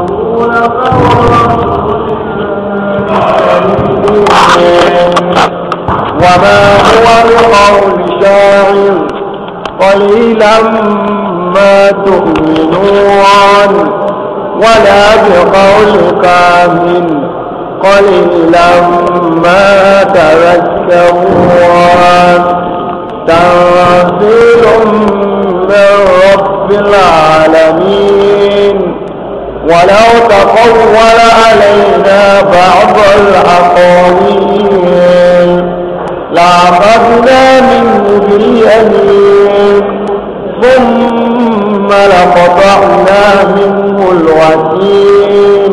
وما هو بقول شاعر قليلا ما تؤمنون ولا بقول كامل قليلا ما تذكرون تنزيل من رب العالمين ولو تقول علينا بعض الأقاويل لعقدنا منه باليمين ثم لقطعنا منه الوتين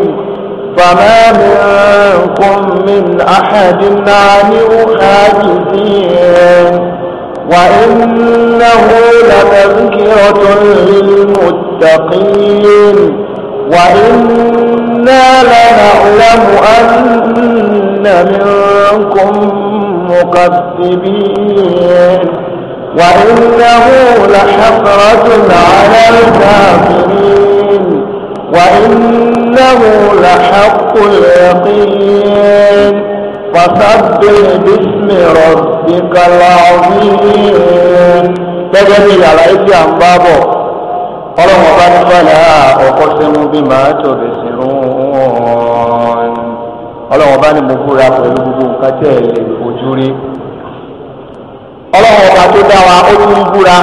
فما منكم من أحد عنه حاجزين وإنه لتذكرة للمتقين وإنا لنعلم أن منكم مكذبين وإنه لحسرة على الكافرين وإنه لحق اليقين فسبح باسم ربك العظيم تجري على إيدي عن ọlọ́run ọba ti bá náà ọkọ̀ sẹ́mu bí màá tọ̀bẹ̀ sí rún ọlọ́run ọba ni mo búra pẹ̀lú gbogbo nǹkan tẹ̀ lè fojú rí ọlọ́run ọba tó dá wa ó tún búra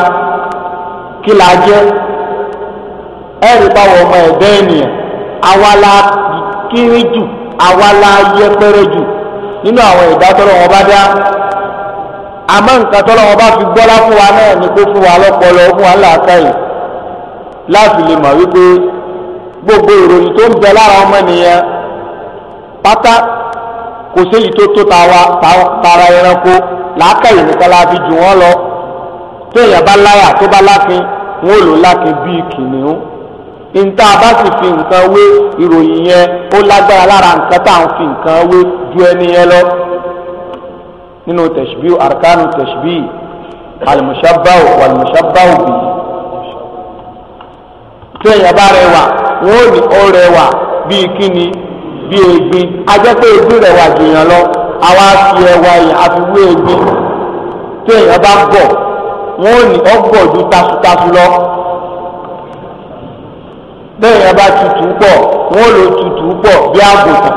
kí la jẹ́ ẹ̀rí báwọ̀ ọmọ ẹ̀dá ènìyàn àwa la kéré jù àwa la yẹpẹrẹ jù nínú àwọn ẹ̀dá tọ́lọ́ wọn bá dá àmọ́ nǹkan tọ́lọ́ wọn bá fi gbọ́lá fún wa náà ni kó fún wa lọ́pọlọ fún wa láàkáyè láti lè mọ̀ wípé gbogbo ìròyìn tó ń bẹ lára ọmọnìyàn pátá kò séyìí tó tó tara ẹranko làákàyè nìkan la fi jù wọ́n lọ téèyàn bá láyà tó bá lákin wọn ò lò lákin bíi kìnìún nta bá sì fi nǹkan wé ìròyìn yẹn ó lágbára lára nǹkan tá à ń fi nǹkan wé ju ẹni yẹn lọ nínú tẹ̀síbíù arkanu tẹ̀síbíù alimushabawo walimushabawo bìí tí èèyàn bá rẹwà wọn ò ní ó rẹwà bíi kíni bíi egbin ajẹ́ pé egbin rẹwà jù yàn lọ àwa fi ẹwà yìí àfi wé egbin tí èèyàn bá bọ̀ wọn ò ní ó bọ̀ ju tasutasu lọ tí èèyàn bá tutù pọ̀ wọn ò lò tutù pọ̀ bí àgùntàn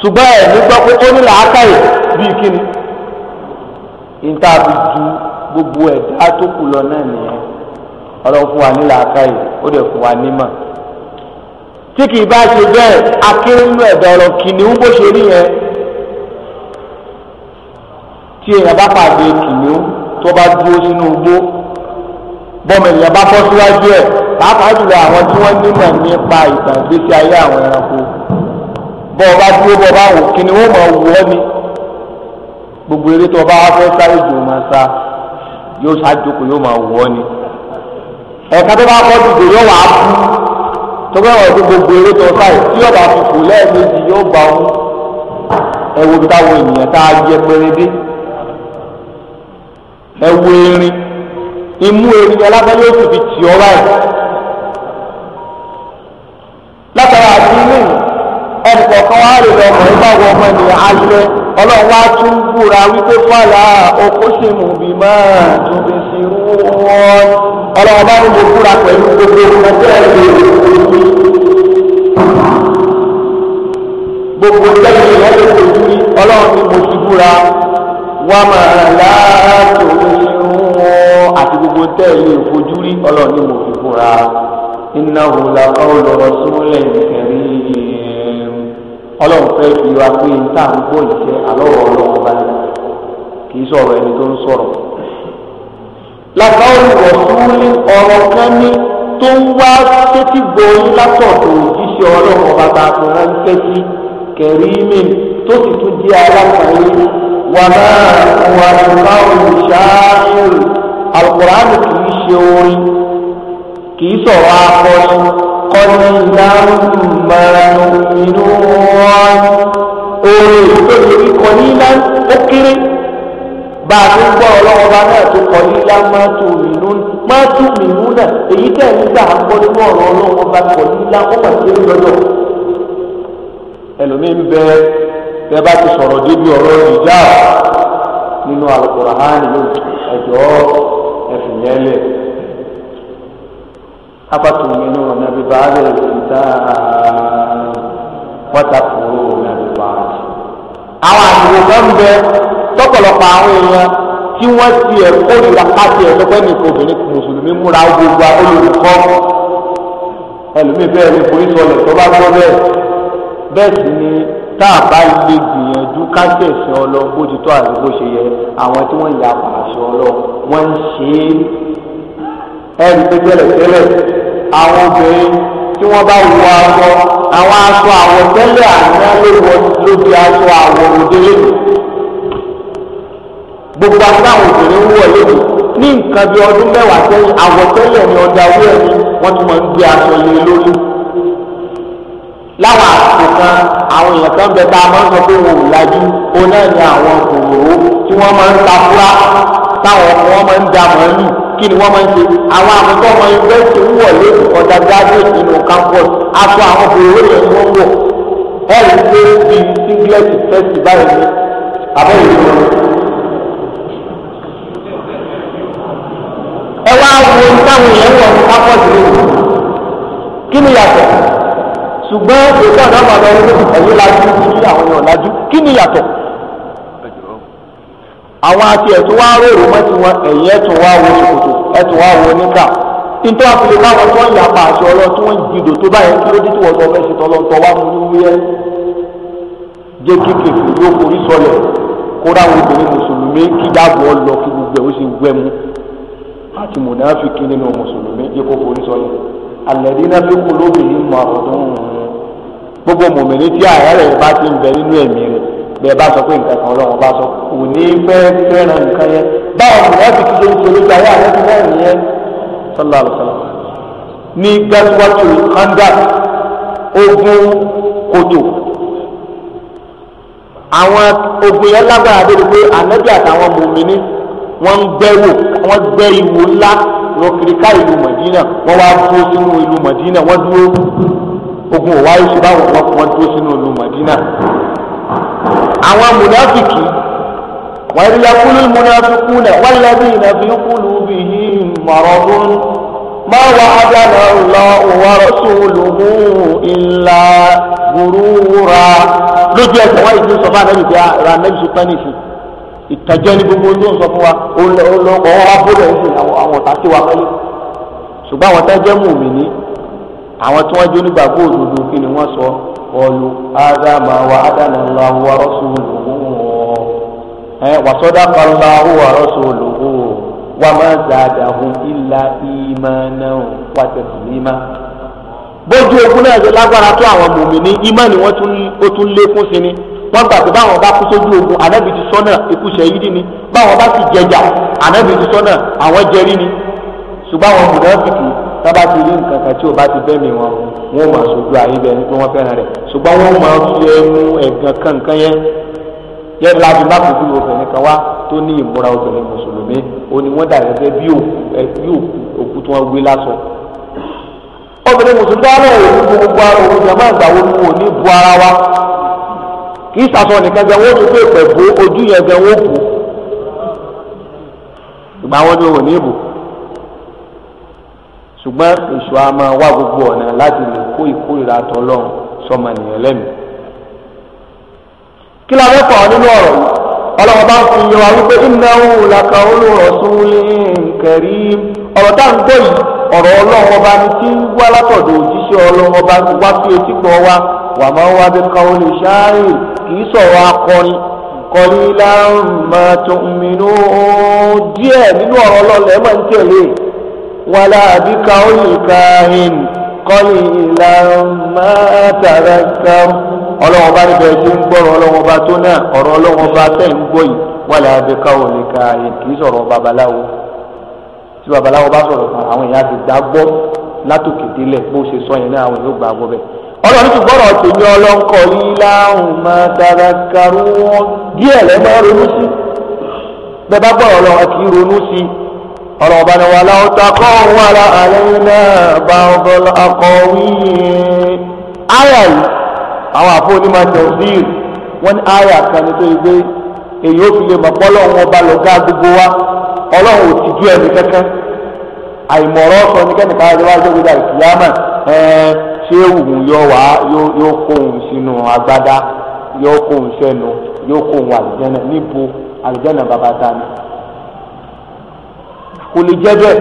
ṣùgbọ́n ẹ̀ nígbà pé ó ní làákàyè bíi kíni níta fi ju gbogbo ẹ̀dá tó kù lọ náà nìyẹn ọlọ́run fún wa ní làákàyè ó dẹ̀ fún wa nímọ̀ tí kì í bá ṣe bẹ́ẹ̀ akérúnú ẹ̀dá ọ̀rọ̀ kìnìún bó ṣe rí yẹn tí èèyàn bá pàdé kìnìún tó bá dúró sínú igbó bọ́mọ èèyàn bá bọ́ síwájú ẹ̀ pàápàá jùlọ àwọn tí wọ́n nímọ̀ nípa ìtàn ìgbésí ayé àwọn ẹranko bọ́ ọba dúró bọ́ ọba wò kìnìún ó máa wù ọ́ ni gbogbo eré tó ọba wá fẹ́ sáré jù máa sa yóò ṣáájú kò yóò máa wù ọ́ ni ẹ̀ka tó bá kọ́ dùdù yóò wá fún tó bá wọ̀ tó gbogbo eré tó sáì tí yóò bá fi kù lẹ́ẹ̀mejì yóò gbà wọn ẹ̀wò bí táwọn ènìyàn tá a yẹ pérébé ẹ̀wò erin imú erin ọlọ́pàá yóò fi tì ọ́ báyìí látara àti ilé yìí kan wá rè lọ ọkùnrin bá wọ ọmọ ènìyàn alẹ́ ọlọ́run wá tún búra wípé fàlà okó sì mú bí máa tún fi sí wọ́n ọlọ́run bá ní mo búra pẹ̀lú gbogbo ọjọ́ ẹ̀rọ gbogbo tẹ́lẹ̀ ìyẹn lè kojú rí ọlọ́run ni mo ti búra wá máa láàtò wọn àti gbogbo tẹ́lẹ̀ ìfojú rí ọlọ́run mo fi búra iná hùlà ọlọ́rọ̀ súnlẹ̀ nìkan ọlọ́run fẹ́ fi wa pé n tá à ń gbọ́ ìṣẹ́ àlọ́wọ́ ọlọ́run bá ní kì í sọ̀rọ̀ ẹni tó ń sọ̀rọ̀. làbáwọ̀ ìwọ̀sùnlé ọ̀rọ̀ kẹ́mi tó ń wá sétí gbòòrùn látọ̀dọ̀ òjíṣẹ́ ọlọ́run bàbá àfihàn kẹ́sí kẹ̀rímì tó sì tún jẹ́ alákàáyé wà náà wà láwọn ìṣááyé àlùkòránì kì í ṣe orin kì í sọ̀rọ̀ akọrin. قليلا ما يؤمنون oore ìtòbi ní kọlílá ó kéré bá a ti ń gbọ́ ọlọ́wọ́ bá náà tó kọlílá máa tó mìínú máa tó mìínú náà èyí tẹ̀ nígbà àgbọ̀ nínú ọ̀rọ̀ ọlọ́wọ́ bá kọlílá ó mà kéré lọ́dọ̀ ẹlòmíì ń bẹ bẹ bá ti sọ̀rọ̀ débi ọ̀rọ̀ ìjà nínú Al-Qur'ani lóòótọ́ ẹ̀jọ́ ẹ̀fìyẹ́lẹ̀. أفتؤمنون ببعض الكتاب وتكفرون ببعض àwọn àdìgbò kan ń bẹ tọ̀pọ̀lọpọ̀ àwọn èèyàn tí wọ́n ti ẹ̀ kórìíra pàṣẹ ẹ̀dọ́gbẹ́ nìkan obìnrin mùsùlùmí múra gbogbo olùkọ́ ẹlòmíì ni forí sọlẹ̀ tó bá gbọ́ bẹ́ẹ̀ bẹ́ẹ̀ sì ni tá a bá lè gbìyànjú ká tẹ̀sán ọlọ́run bó ti tọ́ àti bó ṣe yẹ àwọn tí wọ́n yà pàṣẹ ọlọ́run wọ́n ń ṣe é ẹ̀rí tó tẹ́lẹ̀ tẹ́lẹ̀ àwọn obìnrin tí wọ́n bá wọ aṣọ àwọn aṣọ àwọ̀ tẹ́lẹ̀ àná ló wọ ló di aṣọ àwọ̀ òde lẹ́nu gbogbo aṣọ àwọn obìnrin wọ̀ lẹ́nu ní nǹkan bí ọdún mẹ́wàá sẹ́yìn àwọ̀ tẹ́lẹ̀ ni ọjà owó ẹ̀mí wọ́n ti máa ń gbé aṣọ lé e lórí láwọn àsìkò kan àwọn èèyàn kan bẹ tá a máa ń sọ pé wọn ò lajú òun náà ni àwọn kòwòrò tí wọ́n máa ń ta fúra táwọn ọmọ wọn máa ń da màálù kí ni wọ́n máa ń ṣe àwọn àkókò ọmọ yunifásitì ń wọ̀ lé ọ̀dà graduate nínú campus aṣọ àwọn obìnrin yẹn ni wọ́n wọ̀ ẹ̀rí pé bí english fẹ́ẹ̀sì báyìí ni àbẹ̀yẹ̀ ni wọ́n. ẹ wá wo táwọn èèyàn wọ̀ ní campus rẹ̀ kí ni yàtọ̀ ṣùgbọ́n ètò ọ̀dọ́ àgbàdo ẹ̀yìn lajú kí ni àwọn èèyàn lajú kí ni yàtọ̀ àwọn àti ẹ̀tún wá rò wọ́n ti wọn ẹ̀yìn ẹ̀tún wá wo ṣòkòtò ẹ̀tún wá wo níkà nítorí àfihàn káwọn tí wọ́n yà pa àṣọ ọlọ́ tí wọ́n jìdò tó báyẹn kí ló dé tí sọ fẹ́ ṣe tọ́lọ́ntọ́ wá mú wíyẹ́ jẹ́ kéèké yóò forí sọlẹ̀ kóra àwọn obìnrin mùsùlùmí kí dáàbò ọ lọ kí gbogbo ẹ̀ ó sì wẹ́ mu àti mùnàfíkì nínú mùsùlùmí yẹ kó forí sọlẹ̀ àlẹ́dí náà fi kú lóbìnrin bẹ́ẹ̀ bá sọ pé nǹkan kan ọlọ́run bá sọ kò ní fẹ́ fẹ́ràn nǹkan yẹn báwo ni wọ́n ti kí ló ń sọ nípa ayé àrẹ ti lẹ́rìn yẹn sọlá àlùsọlá ní gẹ́síwájú kanda ogun kòtò àwọn ogun yẹn lágbára débi pé ànábì àtàwọn mùmíní wọ́n ń gbẹ́wò wọ́n gbẹ́ ìwò ńlá lọ kiri ká ìlú mọ̀dínà wọ́n wá dúró sínú ìlú mọ̀dínà wọ́n dúró ogun ò wáyé ṣe báwọn wọ́n dúró sínú ìlú mọ̀dínà àwọn mùnàfìkì wọ́n rí yakúlù mùnàfìkù nà wọ́n lẹ́bí ìnàfi kúlù bí i mọ̀rọ̀dún má wà ádánà lọ wọ́rọ̀ sí ìlà gbùrúra lójú ẹsẹ̀ wọ́n ìdí sọ fún anábì ara anábì sọ pẹ́ẹ́nì fún ìtàjẹ́ gbogbo ojú sọ fún wa ọlọ́kọ̀ wọn wá bọ́lẹ̀ ẹ̀sìn àwọn ọ̀tá sí wa mẹ́lẹ̀ àwọn tẹ́jẹ́ mùmí ní àwọn tí wọ́n jó nígbàgbọ́ òdodo kí ni wọ́n sọ قالوا هذا ما وعدنا الله ورسوله وصدق الله ورسوله وما زادهم إلا إيمانا وتسليما bójú ogun náà ṣe lágbára tó àwọn mòmìnì ìmánì wọn ó tún lékún sí ni wọn gbà pé báwọn bá kú sójú ogun ànábì ti sọ náà ikú ṣẹyídì ni báwọn bá sì jẹjà ànábì ti sọ náà àwọn jẹrí ni ṣùgbọ́n àwọn mùnà tábà ti rí nǹkan kan tí ò bá ti bẹ́mi wọn wọn ò máa sojú ayé bẹ́ẹ̀ nítorí wọ́n fẹ́ràn rẹ̀ ṣùgbọ́n wọ́n máa fi ẹnu ẹ̀gàn kankan yẹn yẹn láti bá kò sí obìnrin kan wá tó ní ìmúra obìnrin mùsùlùmí ó ní wọ́n dàgbẹ́ fẹ́ bí òkú tí wọ́n gbé lásọ. obìnrin mùsùlùmí wọn lọ́wọ́ òkú gbogbo ara òun jẹ́ máa gbà wọnú òní bu ara wa kì í sàtọ̀ nìkan gan wọ́n tún pé pẹ̀ bó ojú yẹn gan wọn ni òun ṣùgbọ́n èṣù a máa wá gbogbo ọ̀nà láti lè kó ìkórìíra àtọ́lọ́run sọmọ ènìyàn lẹ́nu. kí la fẹ́ fọ̀ nínú ọ̀rọ̀ yìí ọlọ́run bá ń fi yọ wa wípé innahu laqawlu rasulin karim ọ̀rọ̀ tá à ń gbọ́ yìí ọ̀rọ̀ ọlọ́run ọba ni tí ń wá látọ̀dọ̀ òjíṣẹ́ ọlọ́run ọba ti wá sí etí gbọ́ wa wà máa ń wá bí qawli sha'ir kì í sọ̀rọ̀ akọrin qalilan ma tu'minun díẹ̀ nínú ọ̀rọ̀ ọlọ́run máa ń tẹ̀lé ولا بقول كاهن قليلا ما تذكر ọlọ́wọ́n bá níbẹ̀ tí ń gbọ́rọ̀ ọlọ́wọ́n bá tó náà ọ̀rọ̀ ọlọ́wọ́n bá tẹ̀ ń gbọ́ yìí wala biqawli kahin kì í sọ̀rọ̀ babaláwo tí babaláwo bá sọ̀rọ̀ fún àwọn èèyàn ti gbàgbọ́ látòkè délẹ̀ bó ṣe sọ yẹn náà àwọn èèyàn gbàgbọ́ bẹ́ẹ̀. ọlọ́run ti gbọ́rọ̀ tèmi ọlọ́nkọ yìí láhùn máa díẹ̀ lẹ́mọ́ ronú sí bẹ́ẹ̀ bá gbọ́rọ̀ ọlọ́run kì í ronú sí ربنا ولو تقول علينا بعض الأقاويل آية àwọn àfọwọ́nímọ̀ tẹ̀síìr wọ́n ní àyà kan ní tó gbé èyí ó fi lè mọ̀ pọ́ lọ́wọ́ ọba lọ́gá gbogbo wa ọlọ́run ò ti ju ẹni kẹ́kẹ́ àìmọ̀rọ̀ sọ ní kẹ́ni káyọ̀ wá lórí ìdá ìkìyàmọ̀ ṣé òun yóò wá yóò kó òun sínú agbádá yóò kó òun sẹ́nu yóò kó òun àlìjẹ́nà níbo àlìjẹ́nà bàbá dání kò lè jẹ́ bẹ́ẹ̀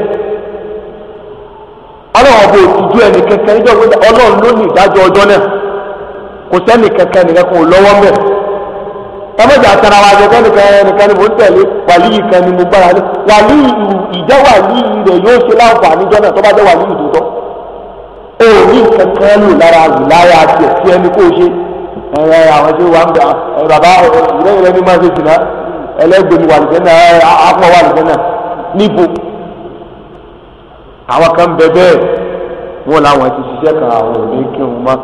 ọlọ́run ọba òtútù ẹnì kẹkẹ níjọ́ pé ọlọ́run ló ní ìdájọ́ ọjọ́ náà kò sẹ́nì kẹkẹ nìkan kò lọ́wọ́ mẹ́ tọ́mọ̀jà tara wa jẹ́ kẹ́nìkan ẹnìkan ni mo ń tẹ̀lé wàlíì kan ni mo gbára lé wàlíì ìjẹ́ wàlíì rẹ̀ yóò ṣe láǹfààní jọ́ náà tó bá jẹ́ wàlíì tó tọ́ o ní kankan lò lára wìláyà tiẹ̀ tí ẹni kó ṣe ẹ̀rọ àwọn ṣe wà ń bẹ bàbá ìrẹ́yìn rẹ ní máa ṣe jìnnà ẹlẹ́gbẹ̀ẹ́ wà náà àpọ̀ wà lùfẹ́ náà níbo àwọn kan bẹ bẹ́ẹ̀ wọn làwọn ti ṣiṣẹ́ kan àwọn ò ní kírun mọ́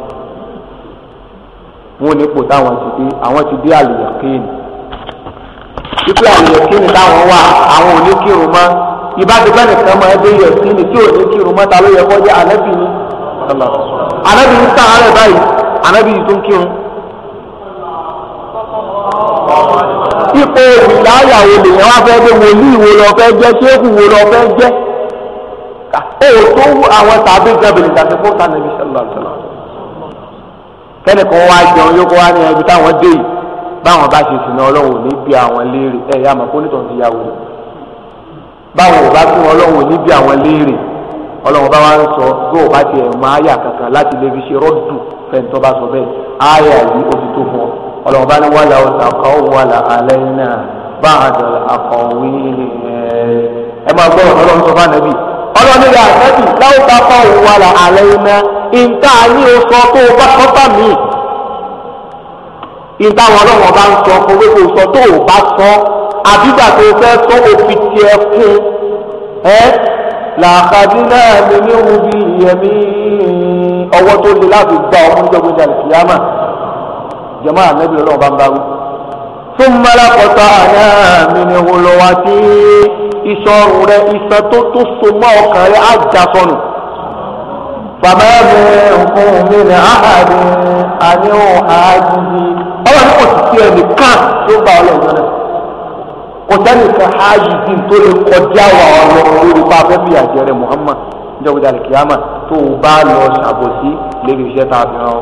wọn ò ní pò táwọn ti dé àwọn ti dé àlùyẹ kéènì wípé àlùyẹ kéènì táwọn wà àwọn ò ní kírun mọ́ ìbádọ́gbẹ́ nìkan máa dé yẹ kéènì tí ò ní kírun mọ́ ta ló yẹ kọjá ànábì ni ànábì ń tàn án rẹ̀ báyìí ànábì yìí tó ń kírun. pé ìdáyà wo lèèyàn wá fẹ́ dé wòlíì wo lọ fẹ́ jẹ́ ṣéèkù wo lọ fẹ́ jẹ́ ó tó àwọn tàbí gàbìlì tàbí fún sànàbí sọlá sọlá kẹ́nìkan wá jẹun yóò kó wá ní ẹbí táwọn dé yìí báwọn bá ṣe sìn náà ọlọ́run ò ní bí àwọn léèrè ẹ̀ yá mọ̀ kó nítorí ti yàwó rẹ̀ báwọn ò bá fún ọlọ́run ò ní bí àwọn léèrè ọlọ́run bá wá ń sọ tó o bá tiẹ̀ mọ àyà kankan láti lè fi ṣe rọ́dù fẹ́ntọ́ bá sọ bẹ́ẹ̀ àyà yìí ó ti tó fún ọ ọlọ́run bá ní wàlà ọ̀tàkọ́ wàlà alẹ́ náà bá àjọ àkọ̀wé ẹ máa gbọ́ ọ̀rọ̀ ọlọ́run sọ fún ànábì ọlọ́run rẹ̀ àtẹ́bì láwùtàkọ́ wàlà alẹ́ náà ìta ní o sọ tó o bá sọ bá mi ìta wọn ọlọ́run bá ń sọ fún pé sọ tó o bá sọ àbígbà tó o fẹ́ sọ òfin tiẹ̀ fún ẹ làkàdí náà lè ní wù bí ìyẹ̀mí ọwọ́ tó le láti gba ọmọ nígbàgbọ́n ìdàlẹ̀ kìyàmà jama anabi lọ́wọ́ bá ń bá wí. fún malakọta àná mi ni wọlọ́wà tí ìṣọrùn rẹ ìṣàn tó tó so mọ́ ọkàn rẹ á já sọnù. bàbá mi nǹkan mi ni àhàdì àníhùn àájìjì. ọlọ́run kò sì sí ẹnìkan tó bá ọlọ́run náà kò sẹ́nìkan àájìjì tó lè kọjá wà ọlọ́run lórí bá a fi àjẹrẹ Muhammad njẹ́ wíjà lè kíyàmà tó o bá lọ ṣàbòsí lórí iṣẹ́ tá a hàn ọ́.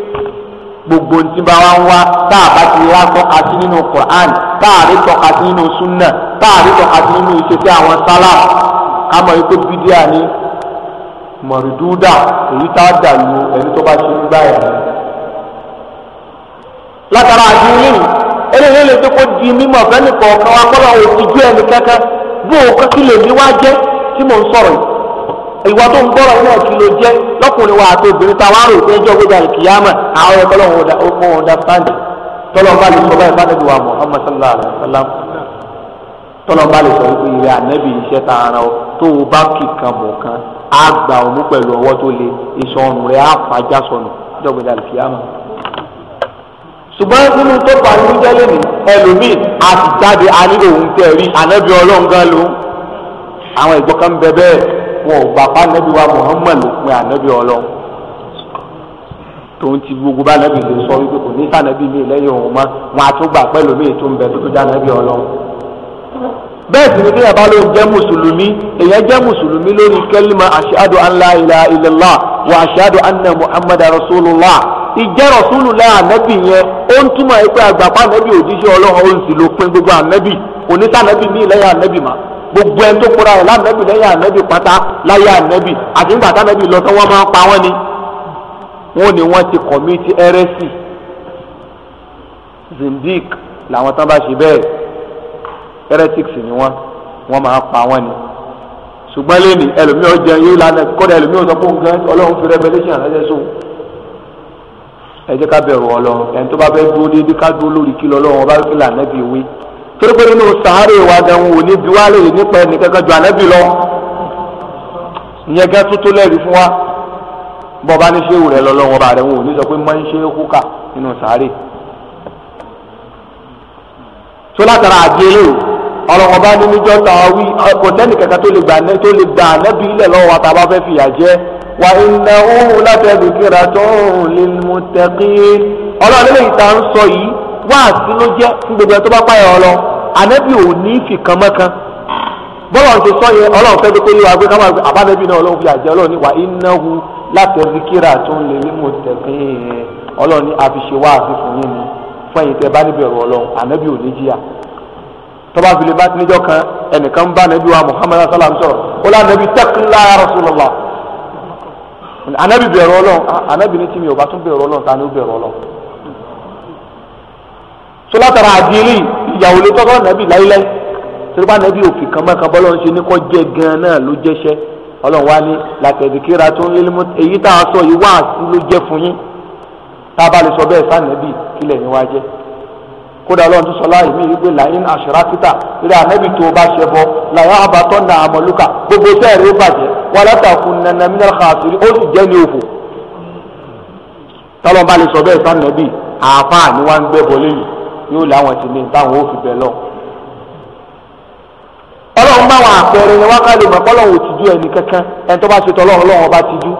gbogbo ntí bá wá ń wá tá a bá ti rá tọ́ka sí nínú Qur'an tá a rí tọ́ka sí nínú sunna tá a rí tọ́ka sí nínú ìṣesí àwọn sálà àmọ́ ikú bídíà ní mọ̀rùdúdà èyí tá a dà lu ẹni tó bá ṣe ń gbá ẹ̀ látara àti eléyìí eléyìí lè dókó di mímọ̀ fẹ́nìkọ̀ọ̀kan wa kọ́ lọ́wọ́ òtítú ẹnì kankan bó o kọ́kí lè ní wá jẹ́ tí mò ń sọ̀rọ̀ yìí ìwà tó ń gbọ́rọ̀ náà kí ló jẹ́ lọ́kùnrin wa àti obìnrin tá a wá rò pé ẹjọ́ gbéjà kìyàmà àwọn ọ̀rẹ́ tọ́lọ́ wọn ò dá sáǹdì tọ́lọ́ bá lè sọ báyìí bá nàbí wa Muhammad sallallahu alayhi wa sallam tọ́lọ́ bá lè sọ wípé ìrẹ ànábì iṣẹ́ ta ara ọ tó o bá kì kan bọ̀ kan á gba òun pẹ̀lú ọwọ́ tó le ìsọnù rẹ á fàájà sọnù ẹjọ́ gbéjà kìyàmà ṣùgbọ́n nínú tó bá ní jẹ́lẹ̀ ní ẹlòmíì àti jáde alẹ́ òun tẹ̀ ànábì ọlọ́run gan lòun àwọn ìgbọ́kàn bẹ bẹ́ẹ̀ wọn ò nabi anabi wa muhammed ló pin anabi ọlọ tòun ti gbogbo bá anabi lè sọ wípé kò ní sànàbí mi lẹ́yìn òun mọ́ wọn àtúgbà pẹ̀lú mi tó ń bẹ tó anabi ọlọ bẹ́ẹ̀ sì ni jẹ́ mùsùlùmí jẹ́ mùsùlùmí lórí kẹ́límà wọ anna ìjẹ́ anabi yẹn ó ń túmọ̀ ẹ pé àgbàpá gbogbo ẹni tó kóra rẹ̀ lánàbì lẹ́yìn ànàbì pátá láyé ànàbì àti nígbà tánàbì lọ tán wọ́n máa ń pa wọ́n ni wọ́n ní wọ́n ti kọ̀mítì ẹrẹ́sì zindik làwọn tán bá ṣe bẹ́ẹ̀ heretics ni wọ́n wọ́n máa pa wọ́n ni ṣùgbọ́n lẹ́nu ẹlòmíì ọjà yóò lánà kọ́dà ẹlòmíì ọ̀sán fún gan ọlọ́run fi revelation ránṣẹ́ sóun ẹ jẹ́ ká bẹ̀rù ọlọ́run ẹni tó bá fẹ́ dúró déédéé ká dúró lórí kí lọ́lọ́run torí pé nínú sàárè wa gan wò ní biwálè nípa ẹnì kankan ju ànábì lọ ìyẹn gan tó tó lẹ́rìí fún wa bọ́ba ní ṣéwù rẹ lọ́lọ́wọ́ bá rẹ wò ní sọ pé máa ń ṣe kúkà nínú sàárè tó látara àjẹlò ọlọ́wọ́ bá ní níjọ́ ta wí kò tẹ́nì kankan tó lè gbà ànábì ilẹ̀ lọ́wọ́ wa tá a bá fẹ́ fìyà jẹ wà iná òun láti ẹ̀dùnkìrà tó ń lè mú tẹ́kí ọlọ́run lè ta ń sọ yìí wáàsí ló jẹ́ fún gbogbo ẹ̀ tó bá pààyàn ọlọ́run ànábì ò ní fìkan mọ́kan bọ́lá ti sọ yẹn ọlọ́run fẹ́ dókòó yẹ wá pé káwọn àbánẹ́bí náà ọlọ́run fi àjẹ́ ọlọ́run ní wà innahu látẹ̀síkírà tó ń lè ní mọ̀tẹ́kìn ọlọ́run ní àfiṣe wá àti fún yín ni fún ẹ̀yin tẹ́ bá níbẹ̀rù ọlọ́run ànábì ò ní jìyà tọ́ba fìlẹ̀ bá níjọ́ kan ẹnìkan bá ànábì wa muhammadu sallam sọ̀rọ̀ ó lá ànábì tẹ́kínlá rasulullah ànábì bẹ̀rù ọlọ́run ànábì ní tí mi ò bá tún bẹ̀rù tó látara àdìrí ìyàwó lè tọ́kọ́ nàbì láíláí torípa nàbì òfin kan mọ́ kan bọ́lọ́ ń ṣe ní kọ́ jẹ́ gan-an náà ló jẹ́ṣẹ́ ọlọ́run wá ní làtẹ̀dìkíra tó ń lélémọ́ èyí tá a sọ yìí wá sí ló jẹ́ fún yín tá a bá lè sọ bẹ́ẹ̀ sá nàbì kílẹ̀ ní wá jẹ́ kódà ọlọ́run tó sọ láàyè mí wípé làyín àṣírákítà eré ànábì tó bá ṣe bọ làyà àbátọ́ na àmọ́lúkà gbogbo sẹ́ẹ̀rì ó bàjẹ́ wà látàkùn nana mineral khaasiri ó sì jẹ́ ní òfò tọ́lọ́ba lè sọ bẹ́ẹ̀ sá nàbì àáfàá ni wọ́n ń gbẹ́ bọ lẹ́yìn yóò láwọn ti ní táwọn o fi bẹ lọ. ọlọ́run bá wọn àpẹẹrẹ ni wọ́n ká lè mọ̀ ò ti dú ẹni kankan ẹni tó bá ṣe tọ́lọ́run ọlọ́run ọba ti dú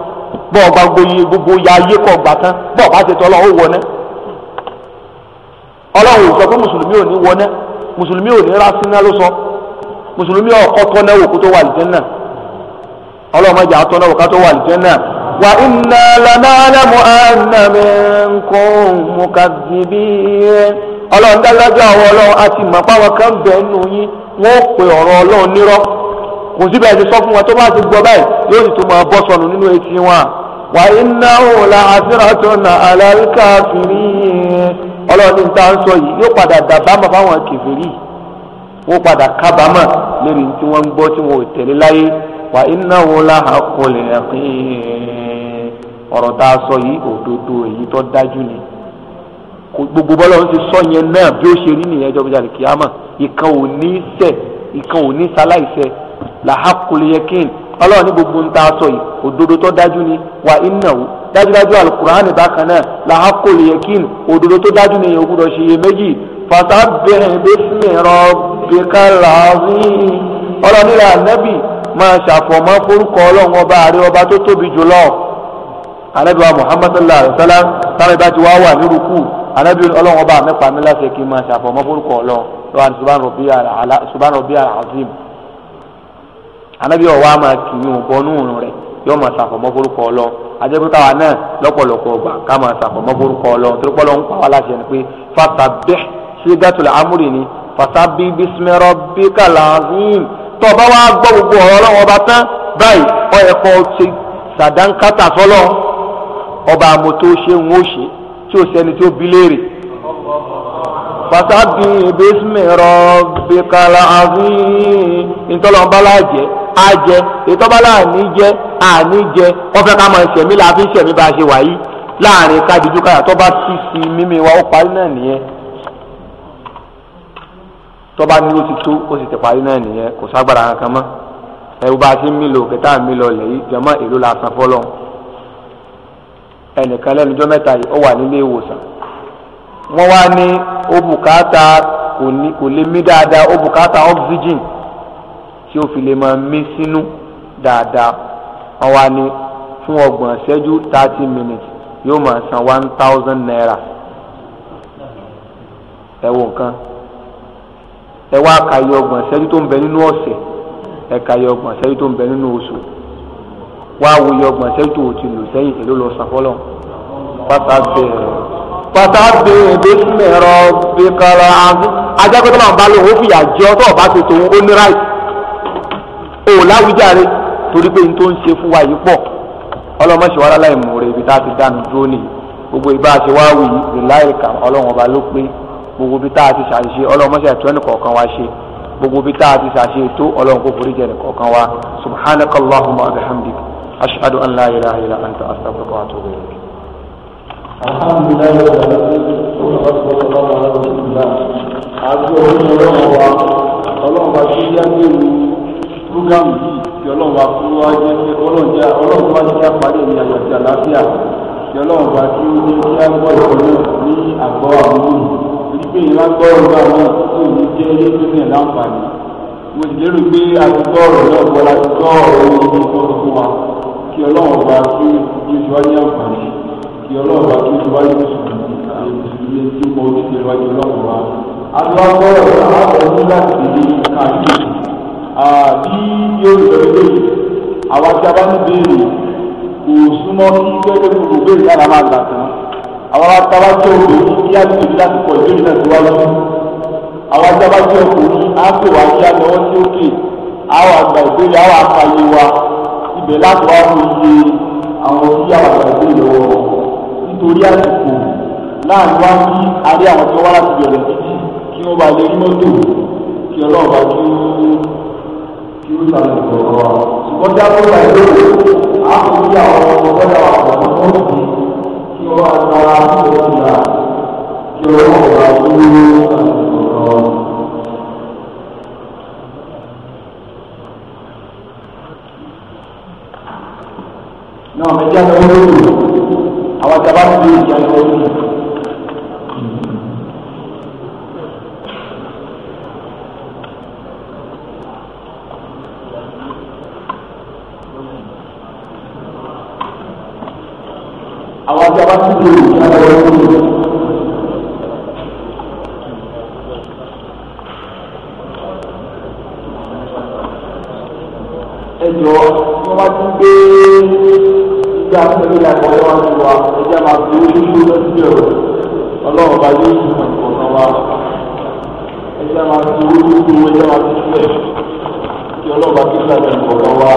bọ́ ọba gbogbo ya ayé kọ̀ gbà tán bọ́ ọba ṣe tọ́lọ́run ó ọlọ́run ò sọ pé mùsùlùmí ò ní wọná mùsùlùmí ò ní ló وإنا لنعلم أن منكم مكذبين ọlọ́run dájọ́jọ́ àwọn ọlọ́run a ti mọ̀ kan yín ọ̀rọ̀ ọlọ́run kò ti sọ fún wọn tó bá ti gbọ́ báyìí yóò sì tún máa bọ́ sọnù nínú wọn. wà iná ní sọ yìí yóò padà fáwọn kẹfìrí wọ́n padà kábàámọ̀ lórí tí wọ́n ń gbọ́ tí wọ́n ò tẹ̀lé láyé wà iná àkọlẹ̀ ọ̀rọ̀ tá a sọ yìí òdodo èyí tó dájú ni gbogbo bọ́lá ń ti sọ yẹn náà bí ó ṣe rí nìyẹn ẹjọ́ bíjà kìámà ìkan ò ní sẹ̀ ìkan ò ní sáláìsẹ̀ làhákùlẹ̀yẹkìn ọlọ́run ní gbogbo ń ta sọ yìí òdodo tó dájú ni wà ìnáwó dájúdájú alukur'an bákan náà làhákùlẹ̀yẹkìn òdodo tó dájú ni èèyàn gbúdọ̀ ṣe iyèméjì fasabbih bismi rabbikal azim ọlọ́run nílẹ̀ ànábì máa ọlọ́run ọba anabi wa muhammad sallallahu alaihi wa sallam sáré bá ti wá wà ní ruku anabi ọlọ́run ọba mẹ́pa mi láti kí n máa ṣàfọ̀mọ́ forúkọ ọlọ́run lọ́wọ́ àti subhana rabbiyal azim anabi ọ̀wá máa kì í bọ́ núùrùn rẹ̀ yóò máa ṣàfọ̀mọ́ forúkọ ọlọ́run ajẹ́pẹ́tà wa náà lọ́pọ̀lọpọ̀ ọgbà ká máa ṣàfọ̀mọ́ forúkọ ọlọ́run torí pọ́lọ́ ń pa wá láṣẹ ni pé fatabih sigatul amúrì ni fasabi bismi rabbikal azim tó ọba àmọ̀tó ṣe ń wóṣe tí ó sẹ́ni tí ó bi léèrè. fasabi bismi rabbikal azim ìtọ́lọ́mbálá jẹ́ àjẹ ìtọ́bálá àníjẹ́ àníjẹ́ ọ̀fẹ́ ká máa ṣẹ̀mí la fi ṣẹ̀mí bá a ṣe wà yìí láàrin kájújú káyà tó bá sì sí mímí wa ó parí náà nìyẹn tó bá ní ó ti tó ó sì ti parí náà nìyẹn kò ságbára kankan mọ́ ẹ̀rù bá a ti mí lò kẹta mi lọ lẹ̀ jẹ́mọ́ èlò la san fọ́lọ́hún. ẹnìkan lẹ́nu jọ́ mẹ́ta yìí wà nílé ìwòsàn wá ní ó bùkátà kò lè mí dáadáa ó bùkátà oxygen tí ó fi lè máa mí sínú dáadáa wọn wá ní fún thirty minutes yóò máa san one thousand naira ẹ wo nǹkan ẹ wá kàyé ọgbọ̀n tó ń bẹ nínú ọ̀sẹ̀ ẹ kàyé wá wòye ọgbọ̀n ṣẹ́jú òtí lò sẹ́yìn èló lọ sàfọ́lọ́ pátá bẹ̀rẹ̀ pátá bẹ̀rẹ̀ bẹ́sùmẹ̀ rọ bí kọ́ra ajákòtò máa ń bá lóhùn ó fìyà jẹ ọtọ́ ọba ṣe tòun ó ní ráì ó láwùjáre torí pé n tó ń ṣe fún wa yìí pọ̀ ọlọ́mọṣẹ́ wa láláì mú rẹ̀ ibi tá a ti dánu dúró nìyí gbogbo ìbá àti wá wì í ìláì kà ọlọ́run ọba ló pé gbogbo ibi tá a ti ṣàṣe ọlọ́mọṣẹ́ àti ẹnì kọ̀ọ̀kan wa ṣe gbogbo ibi tá a ti ṣàṣe tó ọlọ́run kò forí jẹ ẹnì kọ̀ọ̀kan wa subhanakallahumma wa bihamdika. أشهد أن لا إله إلا أنت أستغفرك وأتوب إليك الحمد لله رب العالمين والصلاة والسلام على رسول الله àti òun ọlọ́run wa ọlọ́run wa ṣe yá ní ìlú rúgàmù kí ọlọ́run wa fún wa jẹ́ pé ọlọ́run jẹ́ ọlọ́run wa ṣe àpárí ní ayọ̀ àti àlàáfíà kí ọlọ́run wa kí ó jẹ́ kí á gbọ́ ìwọ̀n náà ní àgọ́ àbúrò wípé ìlà gbọ́ ìwà náà tó ní jẹ́ ilé tó ní láǹfààní mo sì lérò pé àtúntò ọ̀rọ̀ náà wọlé àtúntò ọ̀rọ̀ yìí ní ìtọ́jú fún wa kí ọlọ́run bá kí ojú ti wáyé àǹfààní kí ọlọ́run bá kí ojú wáyé mùsùlùmí àìsílẹ̀ tí mo ti lè wáyé ọlọ́run wa. adúláwọ̀ àwọn ọdún láti lè káàkiri bí yóò lọ ilé àwa tí a bá ń béèrè kò súnmọ́ kí kẹ́kẹ́ gbogbo béèrè lára máa gbà tán àwọn a tí ó lè kí á tètè láti kọ ìbéèrè náà síwájú àwọn atábá tí ó kò ní á pè wá kí á lọ́wọ́ sí òkè àwọn àgbà ìbéèrè àwọn àkàyè wa ibẹ̀ láti wá fún iye àwọn oníyàwó àgbàdo ìlọ́wọ́ nítorí àsìkò láàrin wá sí arí àwọn tó wá láti bẹ̀rẹ̀ títí kí wọ́n bá lè rí mọ́tò kí ọlọ́run bá kí ó kí ó sàlẹ̀ ìgbọ̀rọ̀ wa. ṣùgbọ́n dábò ìgbà ìlú àwọn oníyà àwọn ọ̀gọ́dà àwọn ọ̀gọ́dà kí wọ́n bá gba ìgbọ̀rọ̀ kí ọlọ́run bá kí ó sàlẹ̀ ìgbọ̀rọ̀ wa. náà ẹjẹ àwọn olóòtú àwọn ìjọba ti di ìjọba olóòtú. àwọn ìjọba ti di olóòtú. nílà ìwọlé wa ti wà ẹjẹ máa fi ó ṣíṣú lọ́sí ẹ̀rọ ọlọ́run bá yóò ṣe ìmọ̀tìmọ̀tàn wa ẹjẹ máa fi ó ṣíṣú ẹjẹ máa fi ṣíṣẹ́ kí ọlọ́run bá kíkà ní ìmọ̀tàn wa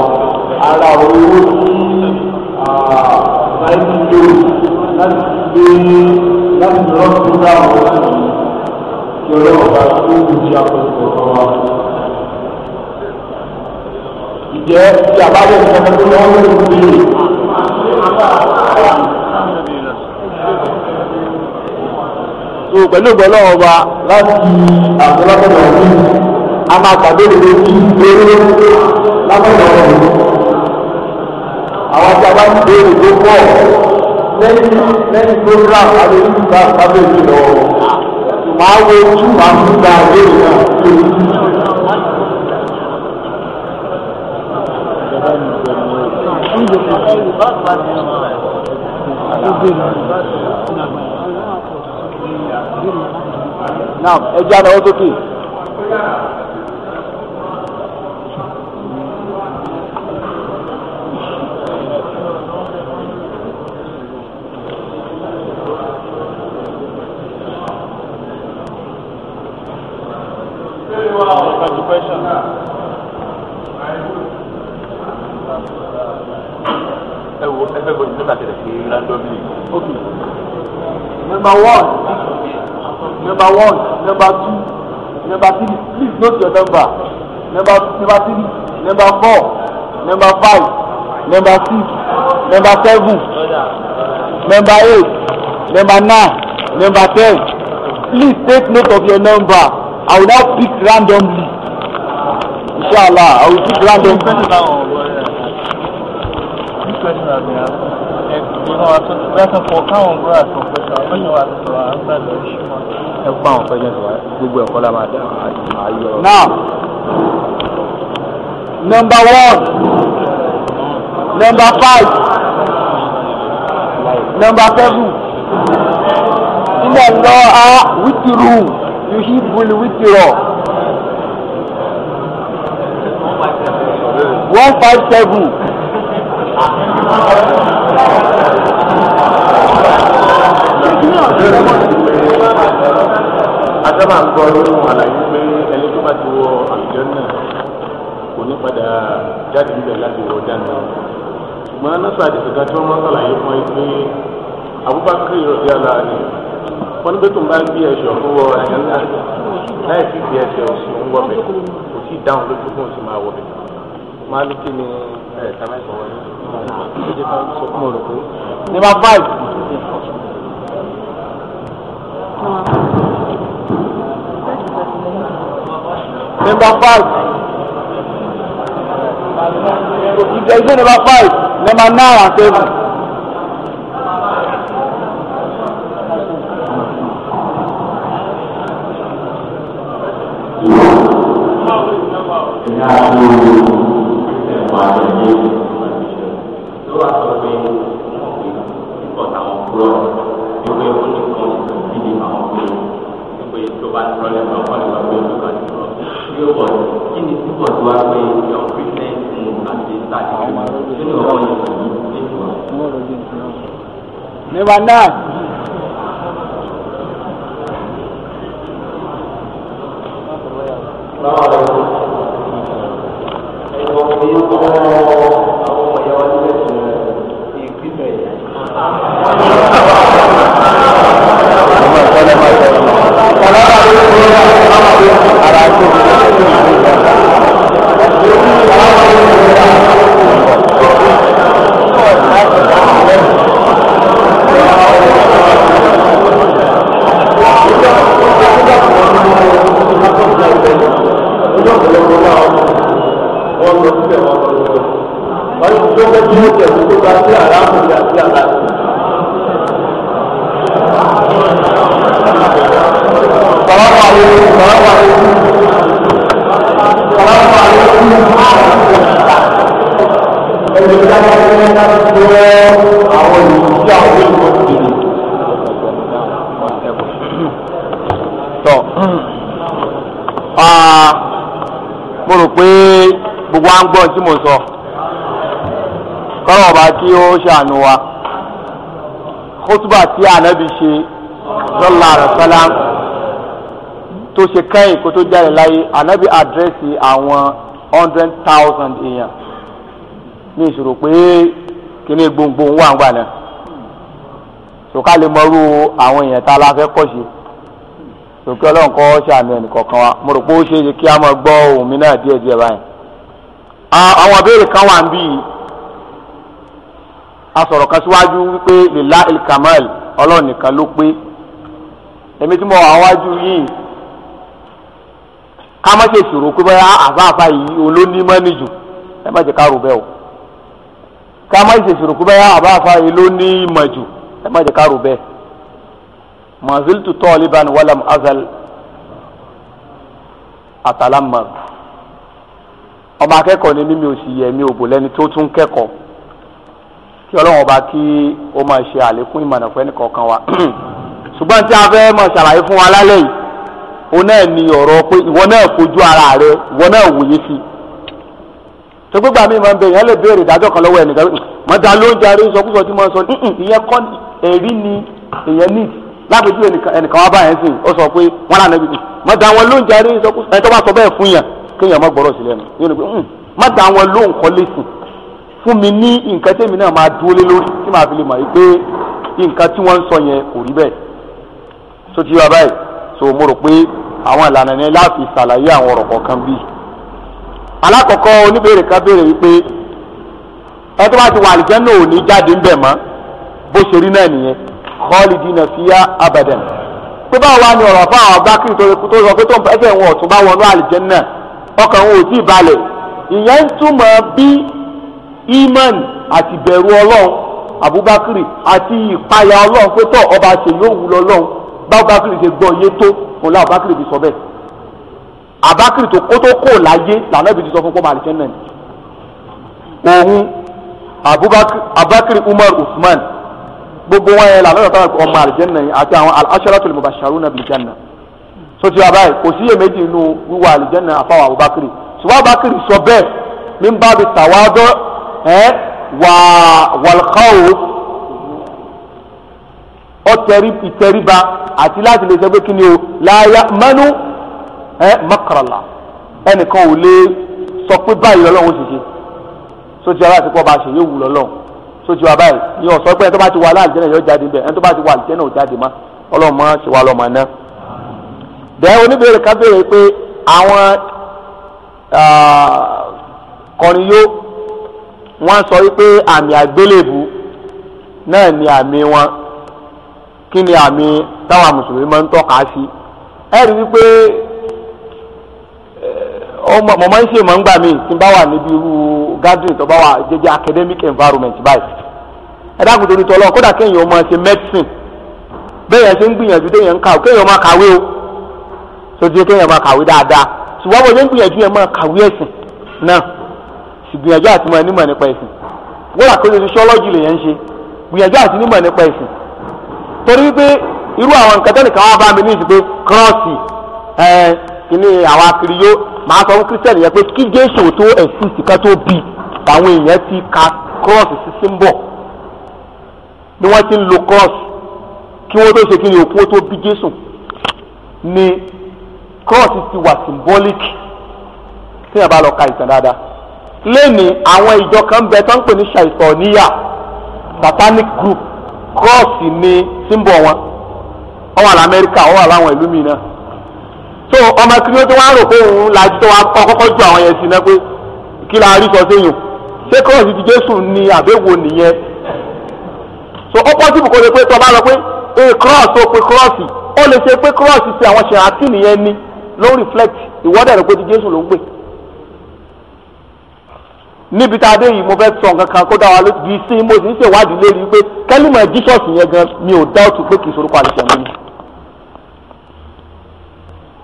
ara owó tí láìpẹ́ lò láti gbé láti lọ́sí dáhùn láti kí ọlọ́run bá tó kù sí àpòtìmọ̀tàn wa. ìjẹ́ tí a bá lè sọ lórí ìlú so pẹ̀lú ìgbọ́lọ́ ọba láti àtúnlápẹ̀lẹ̀ ọ̀hún a máa pàdé lórí lórí lápẹ̀lẹ̀ ọ̀hún àwọn tí a bá ń béèrè tó pọ̀ lẹ́yìn lẹ́yìn program àlejò ìgbà sábẹ́ ìlú lọ́wọ́ máa wo ojú máa ń gbà béèrè náà lórí. Now, ẹ jẹ́ àdáwọ́ sókè. number one number one number two number three please note your number number number three number four number five number six number seven number eight number nine number ten please take note of your number i will now pick randomly inshallah i will pick randomly náà wá tó lẹ́sìn fún káwọn òwúrọ̀ àti òpèsè àwọn yóò wá ti sọ̀rọ̀ à ń pẹ̀lú ìṣúná. ẹ kó àwọn pẹ̀lú ẹ̀sìn wa gbogbo ẹ̀kọ́ la máa dá ayọ̀. now number one number five number seven ilẹ̀ lọ́ọ́ a wítìrù yìí hìbùlù wítìrọ̀. one five seven. asábà ń gbọ́ nínú àlàyé pé ẹni tó bá ti wọ àlùjọ náà kò ní padà jáde níbẹ̀ láti wọ dáná ṣùgbọ́n nọ́ọ̀sì àdìsíkà tí wọ́n máa ń sàlàyé fún ẹ pé Abubakar ìrọ̀lẹ́ ara rẹ̀ wọ́n ní pé tó ń bá gbé ẹ̀ṣọ́ fún wọ àlùjọ náà láì fi gbé ẹ̀ṣọ́ òun wọ bẹ̀ kò sí dáhùn lójú fún òsì máa wọ bẹ̀ máa ló kí ni ẹ̀ẹ́dẹ́gbẹ̀sán wọlé ní bá báyìí. Safar. There isn't a Safar. Number nine and seven. níwà náà. kí ó ṣàánú wa kótóbà tí ànábì ṣe sọlá àràsálá tó ṣe kẹ́yìn kó tó jáde láyé ànábì àdírẹ́sì àwọn hundred thousand èèyàn ní ìṣòro pé kíní gbòǹgbòǹ wà ń náà sòká lè mọrú àwọn èèyàn tá a la fẹ́ kọ́ ṣe sòkè ọlọ́run kọ́ ṣàmì ẹnìkọ̀ọ̀kan wa mo rò pé ó ṣe é ṣe kí a máa gbọ́ ohùn mi náà díẹ̀díẹ̀ báyìí àwọn ìbéèrè kan wà ń bí asọ̀rọ̀ kan síwájú wípé lila kamal ọlọ́run nìkan ló pé èmi tí mo wà wájú yìí ká má ṣe ṣòro pé bóyá àfáàfáà yìí olónímọ̀ nìjù ẹ má jẹ́ ká rò bẹ́ẹ̀ o ká má ṣe ṣòro pé bóyá àfáàfáà yìí ló ní ẹ má jẹ́ ká rò bẹ́ẹ̀ maziltu taliban walam azal atalamma ọmọ akẹ́kọ̀ọ́ ni mímí ò sì yẹ mi ò bò lẹ́ni tó tún kẹ́kọ̀ọ́ kí ọlọ́run ọba kí ó máa ṣe àlékún ìmọ̀nà fún ẹnìkọ̀ọ̀kan wa ṣùgbọ́n tí a fẹ́ máa ṣàlàyé fún wa lálẹ́ yìí òun náà ni ọ̀rọ̀ pé ìwọ náà kojú ara rẹ ìwọ náà wòye sí i tó gbégbá mi máa ń bẹ èèyàn lè béèrè ìdájọ́ kan lọ́wọ́ ẹnìkan mọ̀ dá ló ń jarí sọkúsọ tí mo sọ ìyẹn kọ́ ẹ̀rí ni èèyàn ní lápẹjú ẹnìkan wá báyẹn sìn ó sọ pé wọn lànà ibi mọ̀ dá wọn ló ń jarí sọkúsọ ẹni tó bá sọ bẹ́ẹ̀ fún yàn kéèyàn má gbọ́rọ̀ sílẹ̀ nù yóò ní pé mọ̀ mm, dá wọn ló ń kọ́ lẹ́sìn fún mi ní nǹkan tèmi náà máa dúró lé lórí tí màá fi lè mọ̀ pé nǹkan tí wọ́n ń sọ yẹn kò rí bẹ́ẹ̀ tó ti wá báyìí so mo rò pé àwọn ìlànà yẹn láti ṣàlàyé àwọn ọ̀rọ̀ kọ̀ọ̀kan bíi alákọ̀ọ́kọ́ oníbèrè kan béèrè wípé ẹ tó bá ti wà àlìjẹ́ náà ò ní jáde ń bẹ̀ mọ́ bó ṣe rí náà nìyẹn khalidina fiya abadan pé báwo wá ní ọ̀rọ̀ fún àwọn agbákiri tó sọ pé tó ń iman àti bẹ̀rù ọlọ́run abubakar àti ìpayà ọlọ́run pé tọ́ ọba ṣe yóò wù lọ́lọ́run bábubakar ṣe gbọ́ iye tó fún la abubakar fi sọ bẹ́ẹ̀ abubakar tó kó tó láyé lànà ibi ti sọ fún pọ́ màlìkẹ́ náà ni òun abubakar umar usman gbogbo wọn yẹn lànà ìtàn ọmọ àlìjẹ́ náà ni àti àwọn al-asharatul mubashsharuna bil janna tó ti wá báyìí kò síyèméjì nínú wíwà àlìjẹ́ náà àfàwọn abubakar ṣùgbọ́n abubakar sọ bẹ́ẹ̀ min tàwádọ́ wàlkọ́wò ọtẹrí ìtẹríba àti láti lè sọ pé kí ni o láyà mẹ́nu mọ́kànlá ẹnìkan ò lè sọ pé báyìí ọlọ́run ṣe ṣe sójú ara àti pọ́ bá ṣe yóò wù lọ́lọ́run sójú wa báyìí ni ọ̀sọ́ pé ẹni tó bá ti wà láàlùjẹ́ náà yóò jáde bẹ́ẹ̀ ẹni tó bá ti wà àlùjẹ́ náà ò jáde má ọlọ́run má ṣe wà lọ́mọ náà. bẹ́ẹ̀ oníbèrè ká béèrè pé àwọn ah, kọrin yóò wọn sọ wípé àmì àgbélébù náà ni àmì wọn kí ni àmì táwa mùsùlùmí máa ń tọ́ka sí ẹ rí wípé eh, mo máa ń ṣe mọ̀ǹgbà mi tí n bá wà níbi irú gathering academic environment báyìí ẹ dákun torí tọ́lọ́ kódà kéèyàn ọmọ ṣe medicine bẹ́ẹ̀ yẹn ṣe ń gbìyànjú téèyàn ń kà kéèyàn máa kàwé o ìgbìyànjú àti mọ̀ nímọ̀ nípa ẹ̀sìn wọ́n rà kóso sociology lèyàn ń ṣe gbìyànjú àti nímọ̀ nípa ẹ̀sìn torí wípé irú àwọn nǹkan tẹ́nìkan wá bá mi ní ìsìn pé kírọ́ọ̀sì ẹ̀ kìíní àwọn akiriyó màá sọ fún kírísítẹ́nì yẹn pé kí jésù tó exist ká tó bì làwọn èèyàn ti ka kírọ́ọ̀sì sí símbọ̀ ni wọ́n ti ń lo kírọ́ọ̀sì kí wọ́n tó ṣe kí ni òkú tó bí jésù ni kírọ́ọ̀sì ti wà symbolic tí yẹn bá lọ ka ìtàn dáadáa lẹ́ni àwọn ìjọ kan bẹ tó ń pè ní ṣàìsàn níyà satanic group kírọ́ọ̀sì ni símbọ̀ wọn wọ́n wà lamẹ́ríkà wọ́n wà láwọn ìlú mi náà so ọmọ kiri tó wá rò pé òun lajú tó wá kọ́ kọ́kọ́ ju àwọn yẹn sí náà pé kí la rí sọ séyìn ṣé kírọ́ọ̀sì ti jésù ni àbẹ̀wò nìyẹn so ó pọ́ síbùkún ni pé tó bá lọ pé ee kírọ́ọ̀sì ó pe kírọ́ọ̀sì ó lè ṣe pé kírọ́ọ̀sì ti àwọn ṣèrántì nìyẹn ni ló reflect ìwọ́dẹ̀ rẹ̀ pé ti jésù ló ń gbé níbi tá a dé yìí mo fẹ́ sọ nǹkan kan kó dá wa sí mo sì ń pé kẹ́límọ̀ Jesus yẹn gan mi ò dá òtún pé kì í sorúkọ ni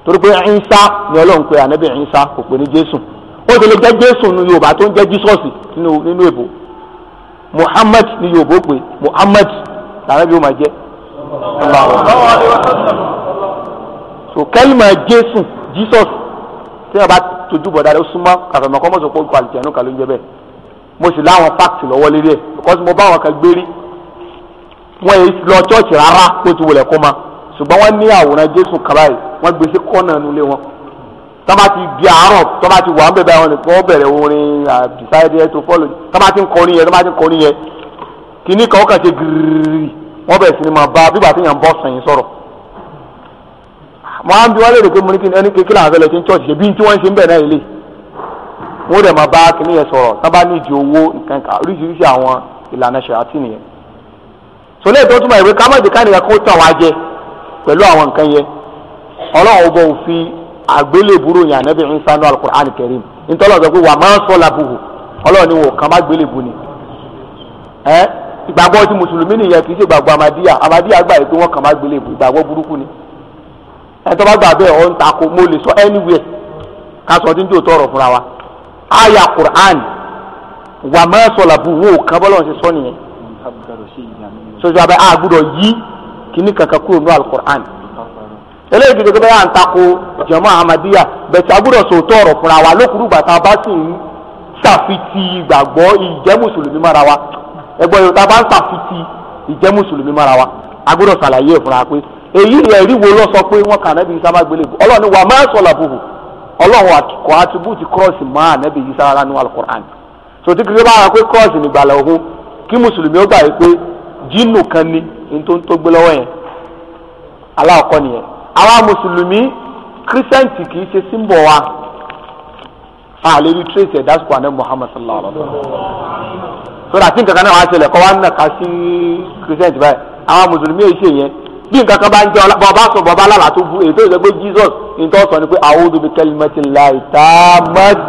torí pé ẹ̀ńsá ni ọlọ́run pé ànábì kò pé ní Jésù ó ti lè jẹ́ Jésù ní Yorùbá tó ń jẹ́ nínú èbó Muhammad ó máa jẹ́ kẹ́límọ̀ Jésù Jesus tí wọ́n bá tójú bọ̀ dáadáa ó súnmọ́ kàfẹ́mọ́ kọ́ mọ̀sọ̀ pé ó kọ àlùjẹ̀nu kà ló ń jẹ bẹ́ẹ̀ mo sì láwọn fáàkì lọ́wọ́ lérí ẹ̀ because mo bá wọn kan gbérí wọn yìí lọ chọ́ọ̀chì rárá kó ti wọlé kó ma ṣùgbọ́n wọ́n ní àwòrán Jésù kàrá yìí wọ́n gbé sí kọ́nà nulẹ̀ wọn tọ́ba ti di àárọ̀ tọ́ba ti wà ń bẹ̀rẹ̀ nìkan wọ́n bẹ̀rẹ̀ orin àbísáyédé tó fọ́lù tọ́ba tọ́ba ti ń kọrin yẹn kìíní mo á bí wọn lérò pé mo ní kí ẹni kékeré àwọn fẹlẹ ṣe ń church ṣebí tí wọn ń ṣe ń bẹ náà ilé wọn ò dẹ̀ máa bá kìnìún yẹn sọ̀rọ̀ tá bá ní ìdí owó nǹkan kan oríṣiríṣi àwọn ìlànà ṣàtì nìyẹn sọlẹ́ ìtọ́ túmọ̀ ìwé kámọ́jì káníyàn kó tàn wá jẹ pẹ̀lú àwọn nǹkan yẹn ọlọ́run ọba òfin àgbélébúrò yẹn ànábì Ìsá nínú Al-Qur'an ń sọ làbùhù ni wò kàn má gbélébú ni ẹ ìgbàgbọ́ ti mùsùlùmí nìyẹn kì í ṣe ìgbàgbọ́ amadíyà amadíyà gbà yìí pé wọ́n kàn má gbélébú ìgbàgbọ́ burúkú ni ẹ̀tọ́ bá gbà bẹ́ẹ̀ ọ̀ ń takò mo lè sọ anywhere ká ọdún tí ò tọrọ fúnra wa aya Qur'an wà má sọlá bu wo kan bọ́lá ṣe sọ nìyẹn sojú abẹ́ a gbúdọ̀ yí kíní kankan kúrò ní al-Qur'an eléyìí tó dẹ́gbẹ́ yà ń takò jama ahmadiyya bẹ̀tẹ̀ a gbúdọ̀ sọ tọrọ fúnra wa lókùrú bàtà bá sì ń ṣàfitì ìgbàgbọ́ ìjẹ́ mùsùlùmí mara wa ẹgbẹ́ yorùbá bá ń ṣàfitì ìjẹ́ mùsùlùmí mara wa a gbúdọ̀ fúnra pé èyí ẹ̀rí wo lọ sọ pé wọ́n kà nẹ́bí Isa má gbélébùú ọlọ́run ni wà má sọ̀là a ọlọ́run àtúbùtì nẹ́bí Isa ní alukur'an bá wà pé kírọ́ọ̀sì nígbàlẹ̀ ọ̀hún kí mùsùlùmí ó gbà yìí pé jínù kan ní gbé lọ́wọ́ yẹn aláwọ̀kọ́ nìyẹn àwa mùsùlùmí kírísẹ́ǹtì kì í ṣe símbọ̀ wa àlèrí tírèsì ẹ̀dá kan náà ṣẹlẹ̀ kọ́ wa ń sí kírísẹ́ǹtì bí nǹkan kan bá ń jẹ bọba sùn bọba alála tó bu èyí tó yẹ pé jesus ní tó sọ ni pé a'udhu bi kalimatillahi tammati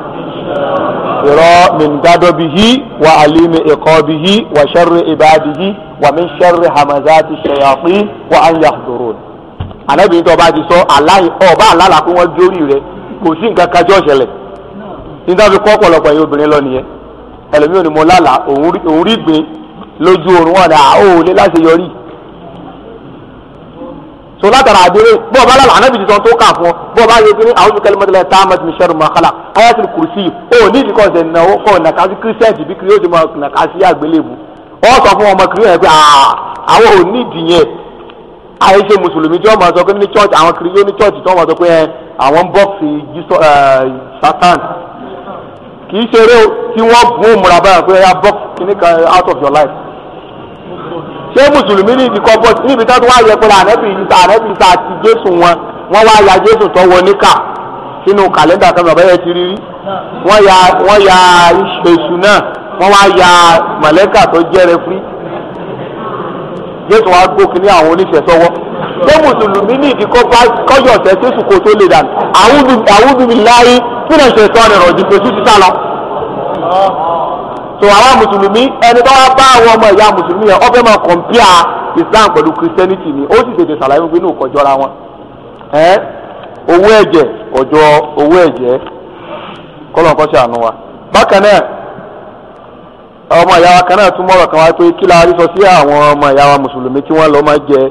irọ́ min ghadabihi wa alimi iqabihi wa sharri ibadihi wa min sharri hamazati shayatin wa an yahdurun. anábìyí tó bá ti sọ aláì ọba alála kó wọn jórí rẹ kò sí nǹkan kájọ ṣẹlẹ̀ nígbà tó kọ́ ọ̀pọ̀lọpọ̀ yìí obìnrin lọ nìyẹn ẹlòmíràn ni mo lálàá òun rí gbin lójú oorun wọn ni àá ò lè láṣeyọrí tó látara àdéhùn bọ́ọ̀ bá lálẹ́ anábìtì tán tó kà fún ọ bọ́ọ̀ bá yẹ kí ní àwọn ìkẹlẹ́ mọ́tẹ́lẹ̀ tá a mọ̀ tìmí sẹ́rù mọ́kàlá ayatul kursi ó ní ìdí kan ṣe náwó kọ́ nàka sí kírísẹ́ǹtì bí kiri ó ti mọ nàka sí àgbélébù ọ sọ fún ọmọ kiri yẹn pé àwọn ò ní ìdí yẹn àìṣe mùsùlùmí tí wọ́n mọ̀ sọ pé ní church àwọn kiri yóò ní church tí wọ́n mọ̀ sọ pé àwọn bọ́ọ̀sì satan kì í ṣeré tí wọ́n bùn múra báyà pé ya out of your life ṣé mùsùlùmí ní ìdíkọ́ bọ́ sí níbi táwọn wá yẹ pé ànẹ́bì ìta ànẹ́bì ìta àti jésù wọn wọ́n wá ya jésù tó wọ níkà sínú kàlẹ́ndà kan bàbá yẹn ti rí rí wọ́n ya wọ́n ya èṣù náà wọ́n wá ya mọ̀lẹ́kà tó jẹ́ rẹfúrí jésù wa gbókè ní àwọn oníṣẹ́ sọ́wọ́ ṣé mùsùlùmí ní ìdíkọ́ bá kọ́yọ̀ tẹ́ jésù kò tó lè dànù àwùjọ mi láyé fúnà ṣe sọ́ọ̀rọ̀ ọ̀dùnkẹ́ so àwa mùsùlùmí ẹni tó wá bá àwọn ọmọ ìyá mùsùlùmí yẹn ọfẹ máa kọ̀mpíà islam pẹ̀lú christianity ni ó sì tètè ṣàlàyé wípé inú kọjọ́ra wọn owó ẹ̀jẹ̀ ọ̀jọ̀ owó ẹ̀jẹ̀ kọ́lọ̀ ṣe àánú wa. bákan náà ọmọ ìyá wa kan náà tún mọ̀rọ̀ kan wá pé kí la rí sọ sí àwọn ọmọ wa tí wọ́n lọ máa jẹ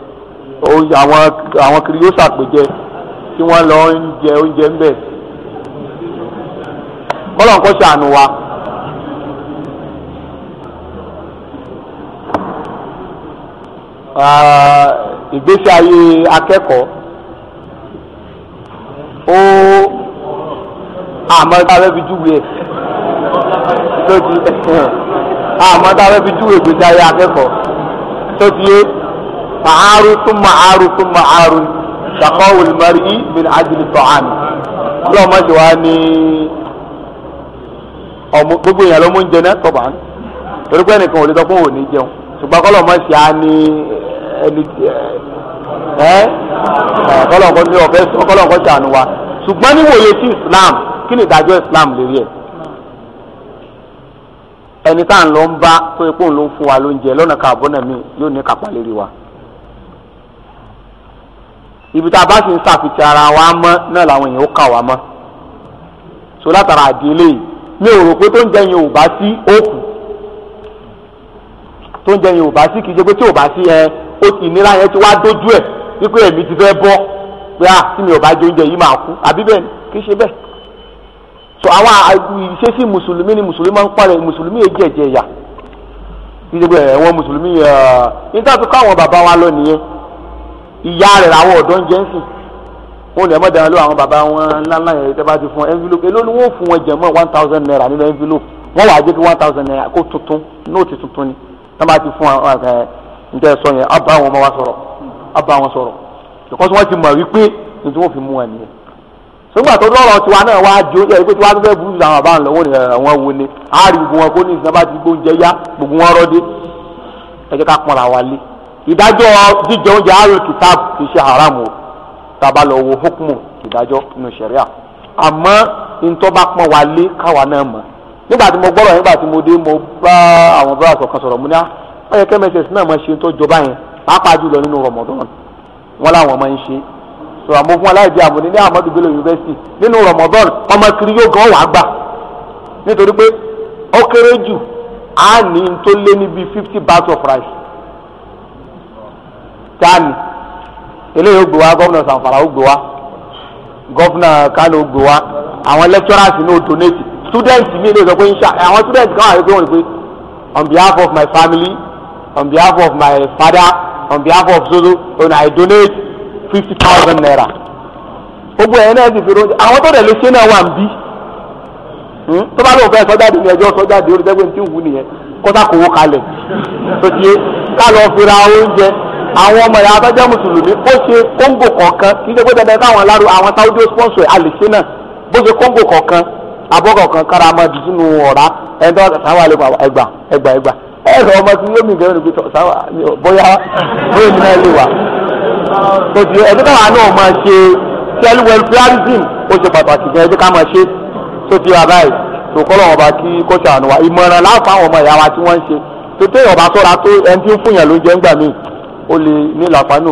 àwọn ìgbésí ayé akẹ́kọ̀ọ́ ó àmọ́ tá a fẹ́ fi júwe tó ti àmọ́ tá a fẹ́ fi júwe ìgbésí ayé akẹ́kọ̀ọ́ tó ti yé màárù tún màárù tún màárù ṣàkọ́ wòlùmọ́rì yìí bí ajílì tọ́hán ọlọ́mọ ṣe wá ní ọmọ gbogbo èèyàn oúnjẹ náà tọ́ba torí pé ẹnìkan ò lè sọ òní jẹun ṣùgbọ́n kọ́lọ́mọ ṣe á ní ẹni ẹ kọlọ̀nkọ́ ní ọ̀fẹ́ kọlọ̀nkọ́ ṣàánú wa ṣùgbọ́n níwòye sí Islam kí ni ìdájọ́ Islam lérí ẹ̀ ẹni tá à ń lọ ń bá tó epo ń lọ ń fún wa lóúnjẹ lọ́nà kàbọ́nà mi yóò ní kápá lérí wa ibi tá a bá sì ń ṣàfihàn ara wa mọ́ náà làwọn èèyàn ó kà wá mọ́ so látara àdìlé mi ò rò pé tó ń jẹ́ yẹn ò bá sí òkú tó ń jẹ́ yẹn ò bá sí kì í ṣe pé tí ò bá sí ẹ ó ti ìnira yẹn ti wá dójú ẹ̀ wípé ẹ̀mí ti fẹ́ bọ́ pé à ah, tí mi ò bá jẹ oúnjẹ yìí máa kú àbí bẹ́ẹ̀ kì í ṣe bẹ́ẹ̀ so àwọn ìṣesí mùsùlùmí ni mùsùlùmí máa ń parẹ́ mùsùlùmí yẹn jẹ̀jẹ̀ yà gbígbé eh, ẹ̀wọ̀n mùsùlùmí eh, nígbà tó kọ́ àwọn bàbá wa lọ nìyẹn ìyá rẹ̀ làwọn ọ̀dọ́ ń jẹ́ ń sìn wọn ní ẹ̀ mọ́dàá ló àwọn bàbá wọn ńláńlá yẹn tẹ́ bá ti fún envelope èló ni wọ́n fún wọn jẹ̀ mọ́ one thousand naira nínú envelope wọ́n wàá jẹ́ kí one thousand naira kó tuntun nóòtì tuntun ni tọ́ bá ti fún eh, njẹ́ sọ yẹn á bá àwọn ọmọ wa sọ̀rọ̀ á bá wọn sọ̀rọ̀ because wọ́n ti mọ̀ wípé ní tí wọ́n fi mú wọn nìyẹn sọgbà tó dọ́rọ̀ tiwa náà wá jó ẹ pé tiwa tó fẹ́ burú làwọn àbá ńlọ́wọ́ ni àwọn wo ni a rí gbogbo wọn kó ní ìsinmi bá ti gbóúnjẹ yá gbogbo wọn rọ́ dé ẹ jẹ́ ká pọnra wa lé ìdájọ́ jíjẹ oúnjẹ àárò kìtàb kì í ṣe haram o tàbá lọ wo hukumu ìdájọ́ nínú ṣẹ̀ríà àmọ́ ntọ́ bá pọn wa lé káwa náà mọ̀ nígbà tí mo gbọ́rọ̀ nígbà tí mo dé mo bá àwọn bọ́lá sọ̀kan sọ̀rọ̀ mo ní ah, ó yẹ kmss náà máa ṣe tó jọba yẹn pàápàá jùlọ nínú rọmọdán wọn làwọn máa ń ṣe sọ àmọfún aláìdí àmọdé ní Ahmadu Bello University nínú rọmọdán ọmọ kiri yóò gan wàá gbà nítorí pé ó kéré jù á ní tó lé níbi fifty bags of rice tá a ní eléyìí ó gbé wa gómìnà Sanfara ó gbé wa gómìnà Kano ó gbé wa àwọn lecturers ní o donate students mi lè sọ pé àwọn students kan wà pé wọ́n pé on behalf of my family on behalf of my father on behalf of zozo and i donate fifty thousand naira gbogbo ẹ̀yẹ náà ti fi ronú àwọn tó dẹ̀ lè ṣe náà wà ń bí hmm? tó bá lóun fẹ́ sọ́jáde ní ẹjọ́ sọ́jáde olùdẹ́gbẹ́ tí ń wù nìyẹn kọ́tà kòwó kalẹ̀ tó ti yé ká lọ fi ra oúnjẹ àwọn ọmọ ìyá abẹ́jẹ́ mùsùlùmí ó ṣe kóńgò kọ̀ọ̀kan kí ṣe pé dandan káwọn alárò àwọn sáwọ́dí sponsor àlèṣe náà bó ṣe kóńgò kọ̀ọ̀kan abọ́kọ̀ọ̀kan kára máa dùn sínú ọ̀rá ẹ̀ńdọ́ sáwọ́ àlẹ́ ẹgbà ẹgbà ẹgbà ẹ̀rọ ọmọ tí lómi ìjọba ní pẹ̀tọ̀ sáwà bóyá bóyá ní náà lè wà. tòtí ẹ̀jẹ̀ káwa náà máa ṣe self welfareism ó ṣe pàtàkì gan ẹ̀jẹ̀ ká máa ṣe tòtí bàbá yìí tó kọ́ lọ́wọ́ bá kí kọ́ṣà àánú wa ìmọ̀ràn láǹfààní ọmọ ìyá wa tí wọ́n ń ṣe tètè ọ̀bá sọ́ra tó ẹni tí ń fún yàn ló jẹ́ ńgbà míì ó lè ní làǹfààní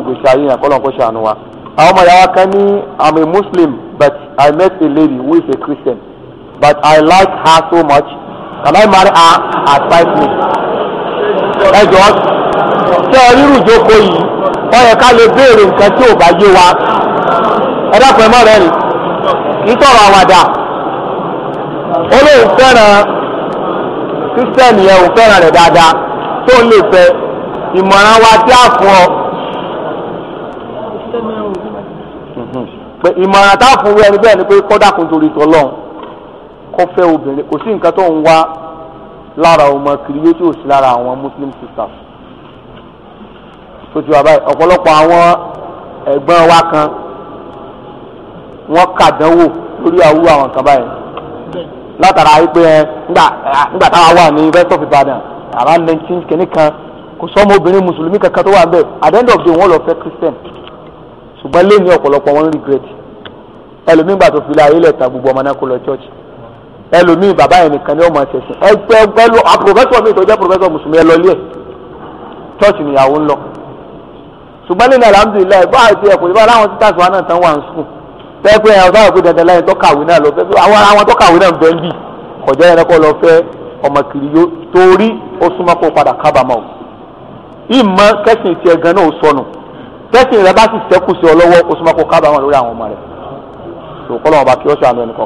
I'm a Muslim but I met a lady who is a Christian but I like her so much can I marry her at five ẹjọ tẹ́ ẹ rírù yìí wọ́n yẹ ká lè béèrè nǹkan tí ò bá yé wa ẹ dákun ẹ mọ́ rẹ rìn kì í sọ̀rọ̀ àwàdà olóhùn fẹ́ràn dáadáa tó ń lè fẹ́ ìmọ̀ràn wa tí a fún ọ. pé ìmọ̀ràn lára ọmọ si lára àwọn muslim sisters tó ti wà báyìí ọ̀pọ̀lọpọ̀ àwọn ẹ̀gbọ́n wa kan wọ́n kàdánwò lórí àwúrò àwọn kan báyìí látara wípé ẹ nígbà táwa wà ní of Ibadan around nineteen kìíní kan kò sọmọ obìnrin mùsùlùmí kankan tó wà ń bẹ̀ at the end of the day wọ́n lọ christian ṣùgbọ́n lé ní wọn regret tó fi gbogbo ọmọ náà ẹlòmíì bàbá yẹn nìkan ni ó máa ṣẹ̀sìn ẹgbẹ́ pẹ̀lú a mi tó jẹ́ pòfẹ́sọ̀ mùsùlùmí ẹ lọlé ẹ̀ chọ́ọ̀chì nìyàwó ń lọ. ṣùgbọ́n nínú alhamdulilayi bá àti ẹ̀kọ́ ìbá láwọn títà sọ náà tán wà ń sùn pẹ́ẹ́pẹ́ ẹ̀ ọ̀sán àgbẹ̀ dandan lẹ́yìn tó kàwé náà lọ fẹ́ àwọn àwọn tó kàwé náà bẹ́ẹ̀ bì kọjá yẹn kọ́ lọ fẹ́ ọmọ kiri yó torí ó súnmọ́ kó padà kábàámọ̀ o ìmọ̀ kẹ́sìn tiẹ̀ gan náà ó sọnù kẹ́sìn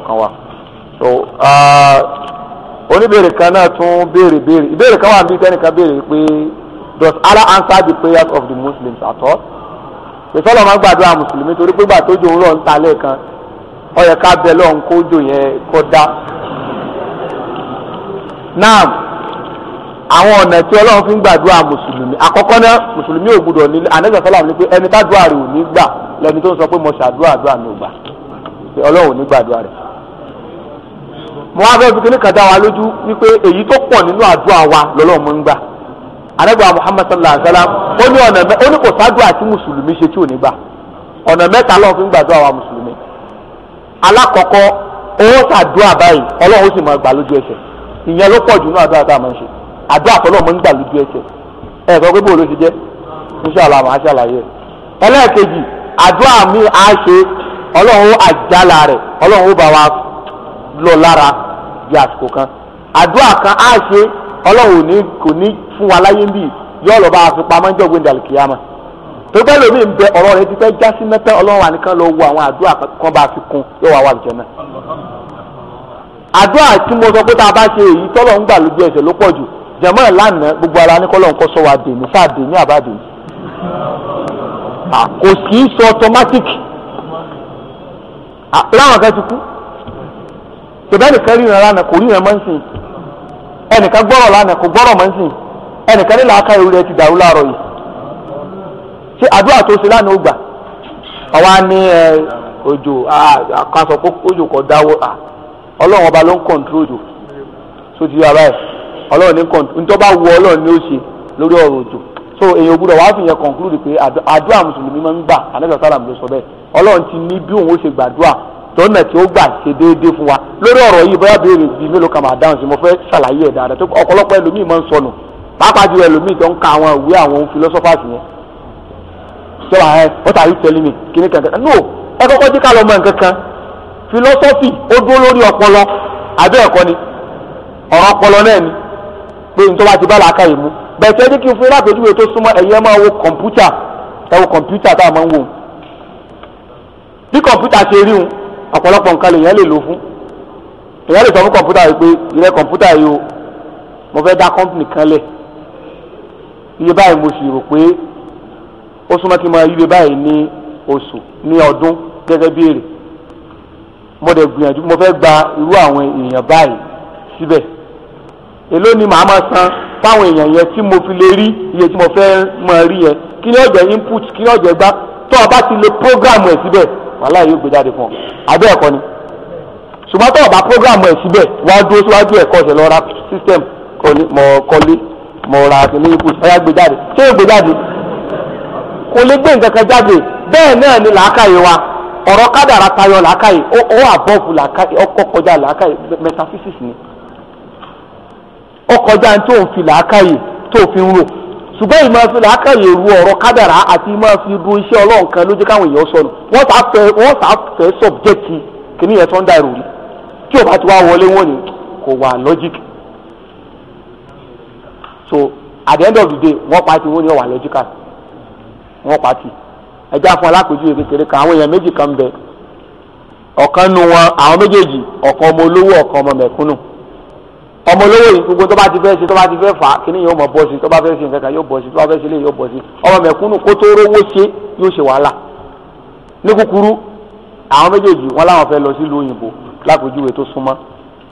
rẹ so uh, oníbèrè kan náà tún béèrè béèrè ìbéèrè kan wà níbi tẹ́nìkan béèrè pé does Allah answer the prayers of the Muslims at all ìfẹ́lọ́ máa ń gbàdúrà mùsùlùmí torí pé gbà tó jò ń rọ̀ ń ta lẹ́ẹ̀kan ó yẹ ká bẹ lọ́hùn kó jò yẹn kó dá. náà àwọn ọ̀nà tí ọlọ́run fi ń gbàdúrà mùsùlùmí àkọ́kọ́ náà mùsùlùmí ò gbúdọ̀ nílé anẹ́sà sálàmù ni pé ẹni tá àdúrà rẹ̀ ò ní gbà lẹ́ni tó ń sọ pé mo ṣàdúrà àdúrà mi ò gbà pé ọlọ́run ò ní gbàdúrà rẹ̀ mo wá fẹ́ fi kíní eyi dá wa lójú wípé èyí tó pọ̀ nínú àdúrà wa lọ́lọ́ mo ń gbà àdàgbà sallallahu alayhi wa sallam ó ní ọ̀nà mẹ́ ó ní kò sádùá tí mùsùlùmí ṣe tí ò ní gbà ọ̀nà mẹ́ta lọ́wọ́ fi ń gbàdúrà wa mùsùlùmí alákọ̀ọ́kọ́ owó sàdúrà báyìí ọlọ́run ó sì máa gbà lójú ẹsẹ̀ ìyẹn ló pọ̀ jù nínú àdúrà tá a máa ń ṣe àdúrà ń gbà lójú ẹsẹ̀ lọ lára di àsìkò kan àdúrà kan á ṣe ọlọ́run kò ní fún wa láyé bá a fi pamọ́ ní jọ̀gbìn dàlùkìyàmà tó bẹ́ẹ̀ lómi ń bẹ ọrọ rẹ ti fẹ́ ọrọ sí mẹ́tẹ́ ọlọ́run lọ wo àwọn àdúrà kan bá a fi yóò wá wà sọ pé tá a bá ṣe èyí tọ́lọ̀ ń gbà lójú ẹsẹ̀ ló pọ̀ gbogbo ara ní kọ́lọ́ nǹkan sọ wa dèmí dèmí àbá dèmí. tòbẹ́nìkan ríran lánàá kò ríran mọ́ ń sìn gbọ́rọ̀ lánàá kò gbọ́rọ̀ mọ́ ń sìn ẹnìkan nílà aka ìrú rẹ ti dàrú láàárọ̀ yìí ṣé àdúrà tó ṣe lánàá ó gbà ní ẹ òjò àkànṣọ kó òjò kò dáwọ́ ọlọ́run ọba ló ń kọ̀ǹtúrò òjò so ti yọ ẹ̀ ọlọ́run ní kọ̀ǹtúrò nítorí bá wọ ọlọ́run ní ó ṣe lórí ọ̀rọ̀ òjò so èèyàn ògbúdọ̀ wàá fìyẹn conclude pé àdúrà mùsùlùmí máa ń gbà ló sọ bẹ́ẹ̀ ọlọ́run ti ní bí òun ó lọ́nà tí ó gbà ṣe déédéé fún wa lórí ọ̀rọ̀ yìí bóyá béèrè bíi mélòó kan máa dáhùn sí mo fẹ́ ṣàlàyé ẹ̀ dáadáa tó ọ̀pọ̀lọpọ̀ ẹlòmíì máa ń sọnù pàápàá jù ẹlòmíì tó ń ka àwọn ìwé àwọn philosophers yẹn sọ́wọ́ ẹ ah, eh, what are you telling me kíní kankan no ẹ kọ́kọ́ jẹ́ ká lọ mọ nǹkan kan philosophy ó dúró lórí ọpọlọ àbẹ́ ẹ̀kọ́ ni ọ̀rọ̀ ọpọlọ náà ni pé nítorí wàá ti bá làákà yìí mú bẹ́ẹ̀ tẹ́ ní kí n fún yín lápèjúwe tó súnmọ́ ẹ̀yin ẹ máa wo kọ̀ǹpútà ẹ wo kọ̀ǹpútà tá a máa ń wò bí kọ̀ǹpútà ṣe rí un ọ̀pọ̀lọpọ̀ nǹkan lè yẹn lè lò fún èyàn lè sọ fún kọ̀ǹpútà yìí pé ìrẹ́ kọ̀ǹpútà yìí o mo fẹ́ dá kọ́mpìnì kan lẹ̀ iye báyìí mo sì rò pé ó súnmọ́ kí n máa yíwe báyìí ní oṣù ní ọdún gẹ́gẹ́ bí èrè mo dẹ̀ gbìyànjú mo fẹ́ gba irú àwọn èèyàn báyìí síbẹ̀ èló ni màá máa san fáwọn èèyàn yẹn tí mo fi lè rí iye tí mo fẹ́ máa rí yẹn kí ni ó input kí ni ó jẹ́ gbá tó o bá ti lè program ẹ̀ síbẹ̀ wàhálà yóò gbé jáde fún ọ abẹ́ ẹ̀kọ́ ni ṣùgbọ́n tó o bá program ẹ̀ síbẹ̀ wá dúró síwájú ẹ̀kọ́ ṣe lọ ra system mọ̀ kọ́lé mọ̀ ra àtìlẹ́ ipò ṣáyà gbé jáde ṣé yóò gbé jáde kò lè gbé nǹkan kan jáde bẹ́ẹ̀ náà ni làákàyè wa ọ̀rọ̀ kádàrá tayọ làákàyè ó àbọ̀fù làákàyè ọkọ̀ kọjá làákàyè metaphysics ni ó kọjá tó ń fi làákàyè tó fi ń rò ṣùgbọ́n ìmọ̀ fi làákàyè ru ọ̀rọ̀ kádàrá àti ìmọ̀ fi ru iṣẹ́ ọlọ́run kan ló jẹ́ káwọn èèyàn sọnù wọ́n sá fẹ́ wọ́n sá fẹ́ sọ̀bjẹ́kì kìíní yẹn tó ń dà ìròrí tí ò bá ti wá wọlé wọ́n ni kò wà lọ́jíkì so at the end of the day wọ́n pati wọ́n ni wọ́n wà lọ́jíkà wọ́n pati ẹjẹ́ àfọ̀n alákòójú kékeré kan àwọn èèyàn méjì kan bẹ ọ̀kan nu wọn àwọn méjèèjì ọ̀kan ọmọ olówó ọ̀kan ọmọ mẹ̀kúnnù ọmọ olówó yìí gbogbo tó bá ti fẹ́ ṣe tó bá ti fẹ́ fà á kíní yóò mọ̀ bọ́ sí tó bá fẹ́ ṣe nǹkan kan yóò bọ́ sí tó bá fẹ́ ṣe lé yóò bọ́ sí ọmọ mẹ̀kúnnù kó tó rówó ṣe yóò ṣe wàhálà ní kúkúrú àwọn méjèèjì wọn láwọn fẹ́ lọ sílùú òyìnbó lápòjúwe tó súnmọ́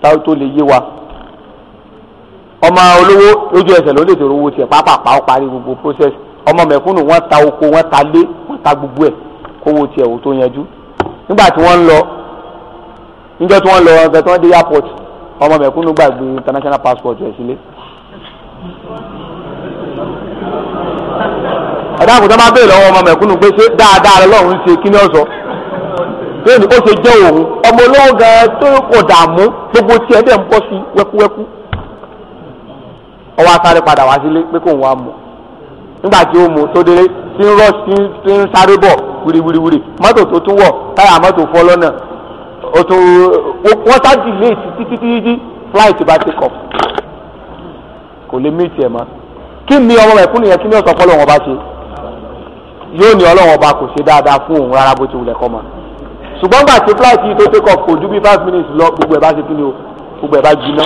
táwọn tó lè yé wa ọmọ olówó lójú ẹsẹ̀ ló lè tèrò owó tiẹ̀ pápápá ó parí gbogbo process ọmọ mẹ̀kúnnù wọ́n ta oko wọ́n ta lé wọ́n ta gbogbo ẹ̀ kówó tiẹ̀ ò tó yanjú nígbà tí airport ọmọ mẹ̀kúnnù gbàgbé international passport rẹ̀ sílé. ẹ̀dá àkùtà máa béèrè lọ́wọ́ ọmọ mẹ̀kúnnù pé ṣé dáadáa rẹ lọ́run ṣe kí ni ọ̀sọ́ tó ní ó ṣe ọmọ gan tó kò dààmú gbogbo tiẹ̀ dẹ̀ ń sí wẹ́kúwẹ́kú padà wá sílé pé kò ń wá nígbà tí ó mu tó délé tí ń rọ́ tí ń sáré bọ̀ wíriwíriwíri mọ́tò tó o tún wọ́n sá delay títí flight bá take off kò lè meet ẹ̀ mọ́ kí ni ọmọ rẹ̀ fún nìyẹn kí ni ọ̀sán fọlọ́ wọn bá ṣe yóò ní ọlọ́wọ́n ọba kò ṣe dáadáa fún òun rárá bó ti wulẹ̀ kọ́ mọ́ ṣùgbọ́n gbà tí flight yìí tó take off kò ju bí five minutes lọ gbogbo ẹ̀ bá ṣe kí ni o gbogbo ẹ̀ bá jiná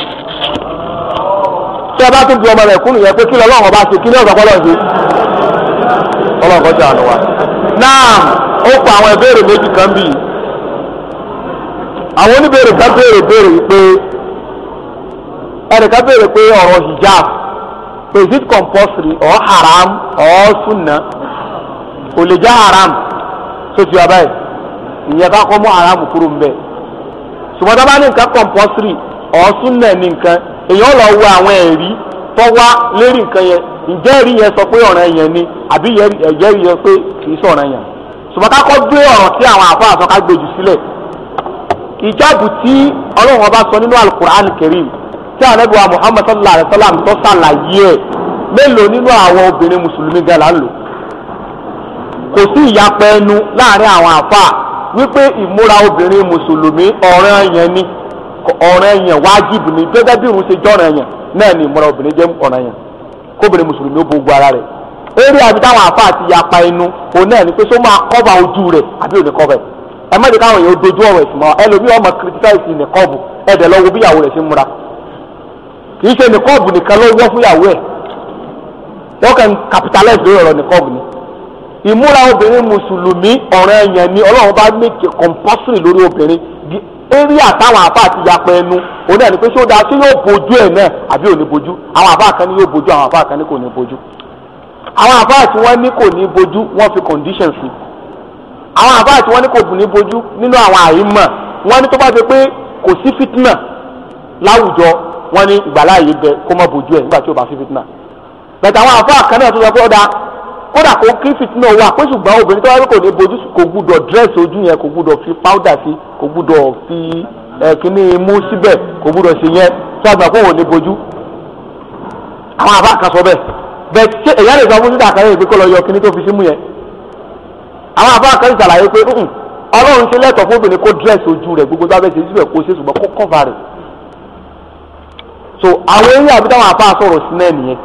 tẹ́ ẹ bá tún bí ọmọ rẹ̀ kún nìyẹn pé kí lọ́wọ́n ọba ṣe kí ni ọ̀sán fọlọ́ ṣe ọlọ́wọ́n kọjá àná wa náà ó pa àwọn ìbéèrè méjì kan bíi àwọn oníbèrè ká béèrè béèrè pé ẹnì hijab is it compulsory or haram or sunna kò lè jẹ́ haram tó ti wá báyìí ìyẹn ká kọ́ mú haram kúrò ṣùgbọ́n ní nǹkan compulsory sunna ní nǹkan lọ wọ àwọn ẹ̀rí wá lérí nǹkan yẹn ǹjẹ́ ẹ̀rí yẹn sọ pé ọ̀ràn yẹn ni àbí ẹ̀jẹ̀ yẹn pé kì í sọ̀ràn yẹn ká kọ́ ìjáàbù tí ọlọ́run ọba sọ nínú alukur'an karim tí anabiwa muhammad sallallahu alayhi wa sallam tó ṣàlàyé ẹ̀ mélòó nínú àwọn obìnrin mùsùlùmí gan la ń lò kò sí ìyapẹ ẹnu láàrin àwọn àfa wípé ìmúra obìnrin mùsùlùmí ọ̀ràn yẹn ni ọ̀ràn yẹn wájibù ni gẹ́gẹ́ bí irun ṣe jọ̀ràn yẹn náà ni ìmúra obìnrin jẹ́ ọ̀ràn yẹn kóbìnrin mùsùlùmí ó bo gbogbo ara rẹ̀ eré àbí táwọn àfa àti ìyapa ẹnu òun náà ni pé só máa kọ́ba ojú rẹ̀ àbí òní kọ́ba ẹ̀ ẹ má jẹ́ káwọn èèyàn dojú ọ̀rọ̀ ẹ̀sìn mọ́ ẹlòmíì ọmọ kìrìtíkáìsì nìkọ́ọ̀bù ẹ̀dẹ̀ lọ́wọ́ bí ìyàwó rẹ̀ ṣe ń múra kì í ṣe nìkọ́ọ̀bù nìkan ló wọ́ fún ìyàwó ẹ̀ wọ́n kàn capitalize lórí ọ̀rọ̀ nìkọ́ọ̀bù ni ìmúra obìnrin mùsùlùmí ọ̀ràn ẹ̀yàn ni ọlọ́run bá make compulsory lórí obìnrin di area táwọn àfa àti yapa ẹnu òun náà ni pé ṣé ó dáa ṣé yóò bojú ẹ̀ náà àbí ò ní bojú àwọn àfa kan ní yóò bojú àwọn àfa kan ní kò ní bojú àwọn àfa àti wọn ní kò ní bojú wọn fi condition sí i àwọn àbá àti wọn ní kò bùn ní bojú nínú àwọn àìmọ̀ wọn ní tó bá ṣe pé kò sí fitna láwùjọ wọn ní ìgbàláàyè bẹ kó má bojú ẹ nígbà tí ó bá sí fitna bẹ̀tẹ̀ àwọn àbá kan náà tó sọ pé ọ̀dà kódà kó kí fitna wà pé ṣùgbọ́n obìnrin tó bá ṣe kò ní bojú kò gbúdọ̀ dress ojú yẹn kò gbúdọ̀ fi powder sí kò gbúdọ̀ fi kíní mú síbẹ̀ kò gbúdọ̀ ṣe yẹn tó àgbà kó wò ní bojú àwọn àbá kan sọ bẹ́ẹ̀ bẹ́ẹ̀ ṣé lè sọ fún àwọn àbá kan ṣàlàyé pé hmm, ọlọ́run ṣe lẹ́tọ̀ọ́ fún obìnrin kó dírẹ́sì ojú rẹ̀ gbogbo bá bẹ́ẹ̀ ṣe síbẹ̀ kó ṣe ṣùgbọ́n kó kọ́va rẹ̀ so àwọn eré àbí táwọn àbá sọ̀rọ̀ sí náà nìyẹn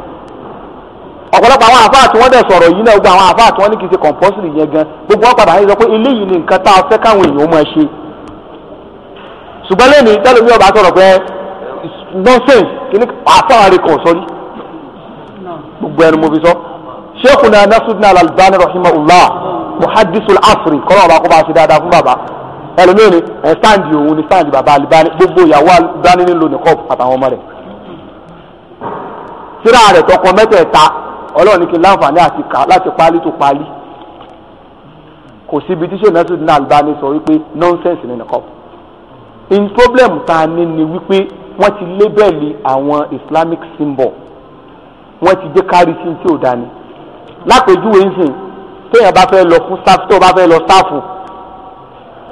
ọ̀pọ̀lọpọ̀ àwọn àfáà tí wọ́n dẹ̀ sọ̀rọ̀ yìí náà gbogbo àwọn àfáà tí wọ́n ní kì í ṣe compulsory yẹn gan gbogbo wọn padà ń sọ pé eléyìí ni nǹkan tá a fẹ́ káwọn èèyàn máa ṣe ṣùgbọ́n lónìí tẹ́lẹ̀ mi ọba sọ̀rọ̀ pé nonsense kìíní àfáà rẹ̀ kàn sọ́rí gbogbo ẹnu mo fi sọ Sheikhuna Nasruddin Al-Albani rahimahullah muhadisul asri kọ́nà ọba kó bá ṣe dáadáa fún bàbá ẹlòmíì ni ẹ̀ sáǹdì òun ni sáǹdì bàbá alibani gbogbo ìyàwó alibani nílò ní kọ́ọ̀pù àtàwọn ọmọ rẹ̀ síra rẹ̀ tọkọ mẹ́tẹ̀ẹ̀ta ọlọ́run ní kí n láǹfààní àti kà láti pálí tó pálí kò síbi tí sèǹdà tó dín alibani sọ wípé nọ́nsẹ̀nsì ní nìkọ́ọ̀pù in problem ta ni ni wípé wọ́n ti lébẹ̀lì àwọn islamic symbol wọ́n ti dé kárí sí tí ò dání lápèjúwe ń sìn téèyàn bá fẹ́ lọ fún sáfù tó bá fẹ́ lọ sáfù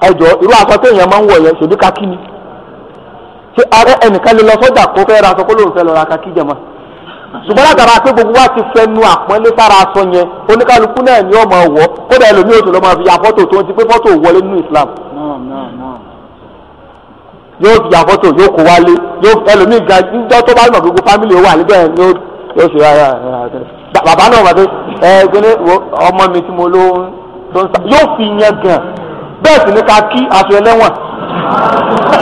ẹjọ́ irú aṣọ téèyàn máa ń wọ̀ yẹn ṣèbí kakí ni ṣé ààrẹ ẹnìkan lè lọ sọ́jà kó fẹ́ ra aṣọ kó lóun fẹ́ lọ ra kakí jẹ̀mọ́ ṣùgbọ́n látara pé gbogbo wa ti fẹnu àpọ́nlé sára aṣọ yẹn oníkálukú náà ni ọmọ wọ̀ kódà ẹlòmíì òtún lọ́mọ fi ya fọ́tò tó ń ti pé fọ́tò wọlé nínú Islam yóò fi ya fọ́tò yóò kó wálé yóò ẹlòmíì ga níjọ́ tó bá mọ̀ gbogbo fámìlì ó wà níbẹ̀ ni ó ṣe rárá rárá bàbá náà wà pé ẹ gbélé ọmọ mi tí mo ló ń tó ń sá yóò fi yẹn gàn bẹ́ẹ̀ sì ni ká kí aṣọ ẹlẹ́wọ̀n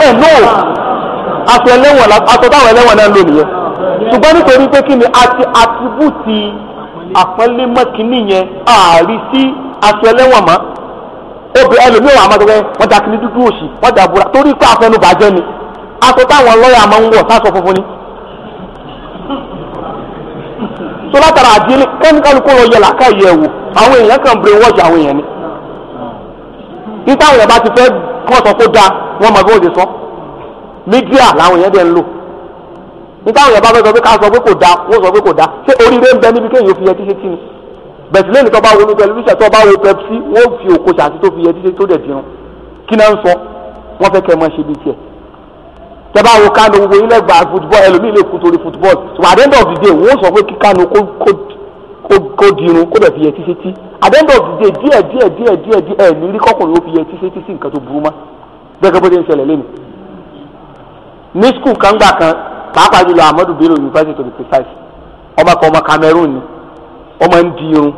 ẹ no aṣọ ẹlẹ́wọ̀n aṣọ táwọn ẹlẹ́wọ̀n náà ń lò nìyẹn ṣùgbọ́n nítorí pé kí ni àti àtibútì àpọ́nlé mọ́kìnní yẹn àárí sí aṣọ ẹlẹ́wọ̀n mọ́ obì ẹlòmíì wà máa dọ́gbẹ́ wọ́n da kìnní dúdú òsì wọ́n da búra torí pé àfẹnubàjẹ́ ni aṣọ táwọn lọ́ọ̀yà máa ń wọ̀ sáṣọ funfun ni so látara àdílé kẹ́míkálukú lọ yẹ làákàyè ẹ̀wò àwọn èèyàn kan brain wash àwọn èèyàn ni níta àwọn èèyàn bá ti fẹ́ kàn sọ kó dáa wọ́n mọ̀ bí wọ́n ti sọ mídíà làwọn èèyàn dẹ̀ ń lò níta àwọn èèyàn bá fẹ́ sọ pé ká sọ pé kò dáa wọ́n sọ pé kò dáa ṣé oríire ń bẹ níbi kéèyàn fi yẹ tíṣe tí ni bẹ̀sí lẹ́nu tó bá wo ní tẹlifíṣàn tó bá wo pepsi wọ́n fi òkò tẹ́bá wo kánò gbogbo ilẹ̀ gba football ẹlòmíì lè kú torí football so at the end of the day wọ́n sọ pé kí kánò kó dirun kó dẹ̀ fi yẹ títí tí at the end of the day díẹ̀ díẹ̀ díẹ̀ díẹ̀ díẹ̀ ní rí kọ́kùnrin ó fi yẹ títí tí sí nǹkan tó burú mọ́ gbẹ́gbẹ́ bó ṣe ń ṣẹlẹ̀ lẹ́nu. ní skul kan kan pàápàá jùlọ Ahmadu Bello University to be precise ọmọ kan ọmọ Cameroon ni ọmọ ń di irun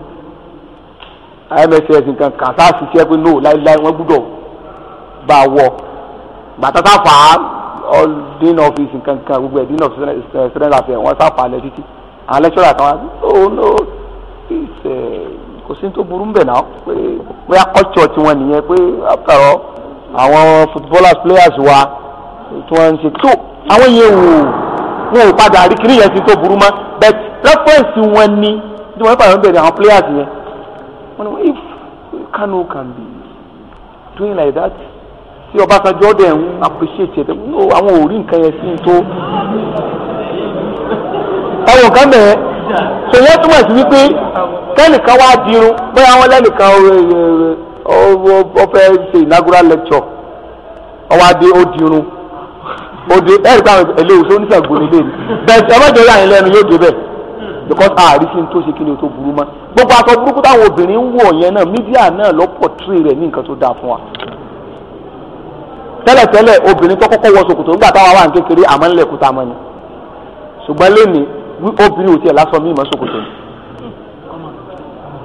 mss nǹkan kan sáà ṣiṣẹ́ pé no láíláí wọ́n gbúdọ̀ bá wọ all dean office nkankan gbogbo ẹ̀ dean of student eh, affairs wọ́n sáfà lẹ títí àwọn lecturer kan wá oh no eh, kò sí tó burú ń bẹ̀ náà pé bóyá culture tiwọn nìyẹn pé after all àwọn footballers players wa tí wọ́n ń ṣe tó àwọn yẹn wò wọ́n ò padà rí kiri yẹn ti tó burú mọ́ but reference wọn ni tí wọ́n padà ń bẹ̀rẹ̀ àwọn players yẹn wọ́n ní if Kanu can be doing like that tí Ọbásanjọ́ dẹ̀ ń appreciate ẹ̀ àwọn ò rí nǹkan yẹn sí tó. ẹ̀wọ̀n kan bẹ̀rẹ̀ ṣèyẹ́ túmọ̀ sí wípé kẹ́nìkan wá dirun bóyá wọn lẹ́nìkan ọ̀fẹ́ ṣe inaugural lecture ọwọ́ adé ó dirun ó dé ẹ̀rí pé àwọn eléyìí tó oníṣègùn nílé mi bẹ́ẹ̀ ẹ má jẹ́ yàrá lẹ́nu yóò dé bẹ́ẹ̀ because ààrí fi ń tó ṣe kí ni o tó burú mọ́ gbogbo aṣọ burúkú táwọn obìnrin ń wọ̀ yẹn náà mídíà náà lọ́pọ̀ tírì rẹ̀ ní nǹkan tó dáa fún wa tẹ́lẹ̀tẹ́lẹ̀ obìnrin tó kọ́kọ́ wọ ṣòkòtò nígbà táwa wà ní kékeré àmọ́ ńlẹ̀ kúta mọ́ ni ṣùgbọ́n lónìí obìnrin ò tiẹ̀ lásọ mí mọ́ ṣòkòtò ni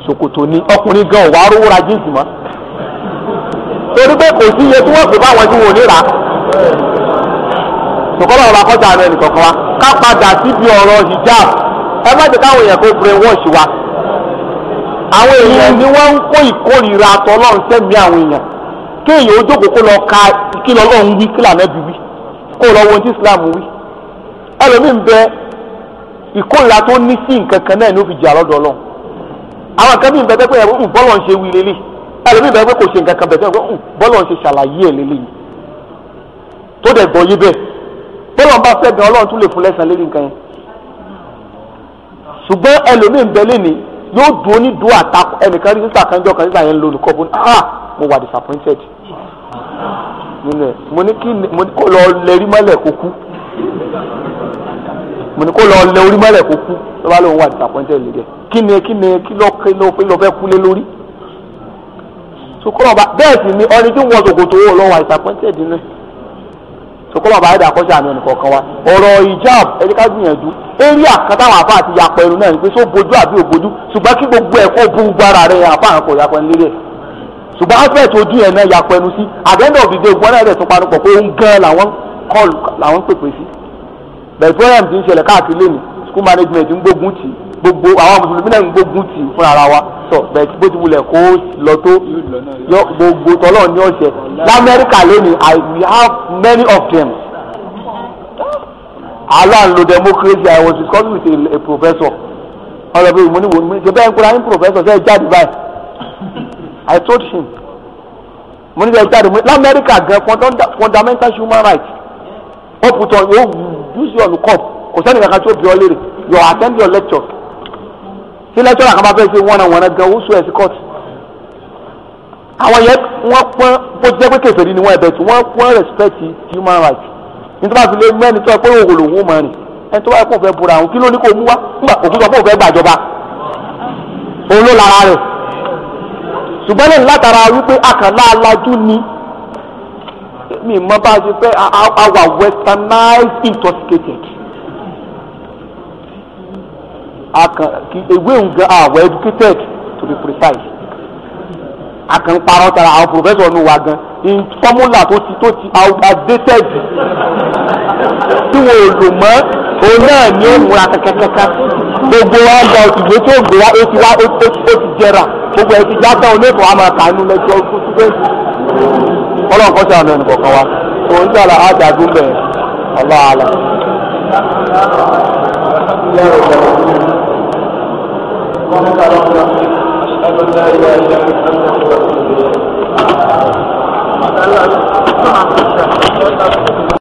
ṣòkòtò ni ọkùnrin gan ọ̀wá rówó ra jíǹsì mọ́ torí pé kò sí iye tí wọ́n pè báwọn tí wọn ò ní rà ṣùgbọ́n bàbá kọjá àwọn ẹnì wa ká padà síbi ọ̀rọ̀ hijab ẹ má jẹ́ káwọn èèyàn kó brainwash wa àwọn èèyàn ni wọ́n ń kó ìkórìíra àtọ́lọ́run sẹ́mi àwọn èèyàn kéèyàn ó jókòó kó lọ ka kí lọ́lọ́run wí kí lànàbí wí kó lọ wọn tí islam wí ẹlòmíín bẹ ìkórìíra tó ní sí nǹkan kan náà ni ó fi jà lọ́dọ̀ ọlọ́run àwọn nǹkan bíi bẹ́ẹ̀ pé ẹ̀hún hm, bọ́lọ̀ ń ṣe wí lélẹ̀ ẹlòmíín bẹ́ẹ̀ pé kò ṣe nǹkan kan bẹ́ẹ̀ pé ẹ̀hún hm, bọ́lọ̀ ń ṣe ṣàlàyé ẹ̀ lélẹ̀ yìí tó dẹ̀ gbọ́ yé bẹ́ẹ̀ bọ́lọ̀ bá fẹ́ gan ọlọ́run tún lè fún lẹ́sàn lélẹ̀ nǹkan yẹn ṣùgbọ́n ẹlòmíín bẹ́ẹ̀ lé ní yóò dúró ní dúró àtakò ẹnìkan rí sísà kan jọ kan sísà yẹn lónìí kọ́ bó ní ah mo wà disappointed nílẹ̀ mo ní kí mo ní kó lọ lẹ orí mọ́lẹ̀ kó kú mo ní kó lọ lẹ orí mọ́lẹ̀ kó kú ló lóun wà disappointed lè jẹ kí ni kí ni kí ló kí ló kí ló fẹ́ kú lórí sokolo ọba bẹ́ẹ̀ sì ni ọni tí wọ́n sòkòtò wò lọ́wọ́ disappointed náà sokolo ọba ayédè àkọ́jà àmì ẹnìkọ̀ọ̀kan wa ọ̀rọ̀ ìjáàb ẹni ká gbìyànjú eré àkàtàwọn àfa àti yàpọ̀ ẹnu náà ni pé só àbí òbojú ṣùgbọ́n kí gbogbo ẹ̀kọ́ bú gbára rẹ̀ àfa àǹkọ̀ yàpọ̀ ẹni lérè ṣùgbọ́n afẹ́ tó ojú ẹ̀ náà yàpọ̀ ẹnu sí àbẹ́ndọ̀ òdìdé ògbọ́n náà rẹ̀ tún panupọ̀ pé òun gan làwọn kọ́ọ̀lù làwọn pèpè sí bẹ̀rẹ̀ program ti ń ṣẹlẹ̀ káàkiri lẹ́nu school management ń gbógun tì gbogbo àwọn mùsùlùmí náà ń gbógun tì fúnra ara wa sọ bẹ̀rẹ̀ bó ti wulẹ̀ kó lọ tó yọ gbogbo tọ́lọ̀ ní ọ̀sẹ̀ lamẹ́ríkà lẹ́nu we have many of them aláǹlo democracy i was discussing with a, a professor ọ̀rọ̀ bíi mo ní wo ṣe bẹ́ẹ̀ ń kura ní professor ṣe é jáde báyìí I told him mo ní ìjọba jáde lamẹ́ríkà gan fundamental human rights ó put on yóò use your cup kò sẹ́ni kankan tó bí ọ léèrè your attend your lecture tí lecture àkàbà fẹ́ ṣe wọ́n náà wọ́n náà gan ó sún ẹ̀ sí court àwọn yẹn wọ́n pọ́n bó jẹ́ pé kèfèrí ni wọ́n ẹ̀bẹ̀ tí wọ́n pọ́n respect human rights nítorí àti lè mẹ́ni tó ẹ pé òwò lòun ó mọ̀ ni ẹni tó bá yẹ kó fẹ́ bora àwọn kí ló ní kó mú wá nígbà òkú sọ pé òun fẹ́ gbàjọba òun ló lára rẹ̀ ṣùgbọ́n lẹ́yìn látara wípé àkànlá alájú ni mi mọ bá a ṣe fẹ́ àwa westernized intoxicated àkàn kì ewé nǹkan àwọ̀ educated to be precise àkàn parọ́ tara àwọn professor nù wa gan in formula tó ti tó ti outdated tí wọn ò lò mọ́ òun náà ni ó múra kẹkẹkẹkẹ gbogbo wa ń gba òtìgbé tó gbé wa ó ti wá ó ti jẹrà gbogbo ẹ ti já tán òun lẹ́kọ̀ọ́ àmọ́ àkànú lẹ́jọ́ ọlọ́run kọ́sí àwọn ẹnìkọ̀ kan wa òun tí a lọ ájà dún bẹ́ẹ̀ ọlọ́àlà.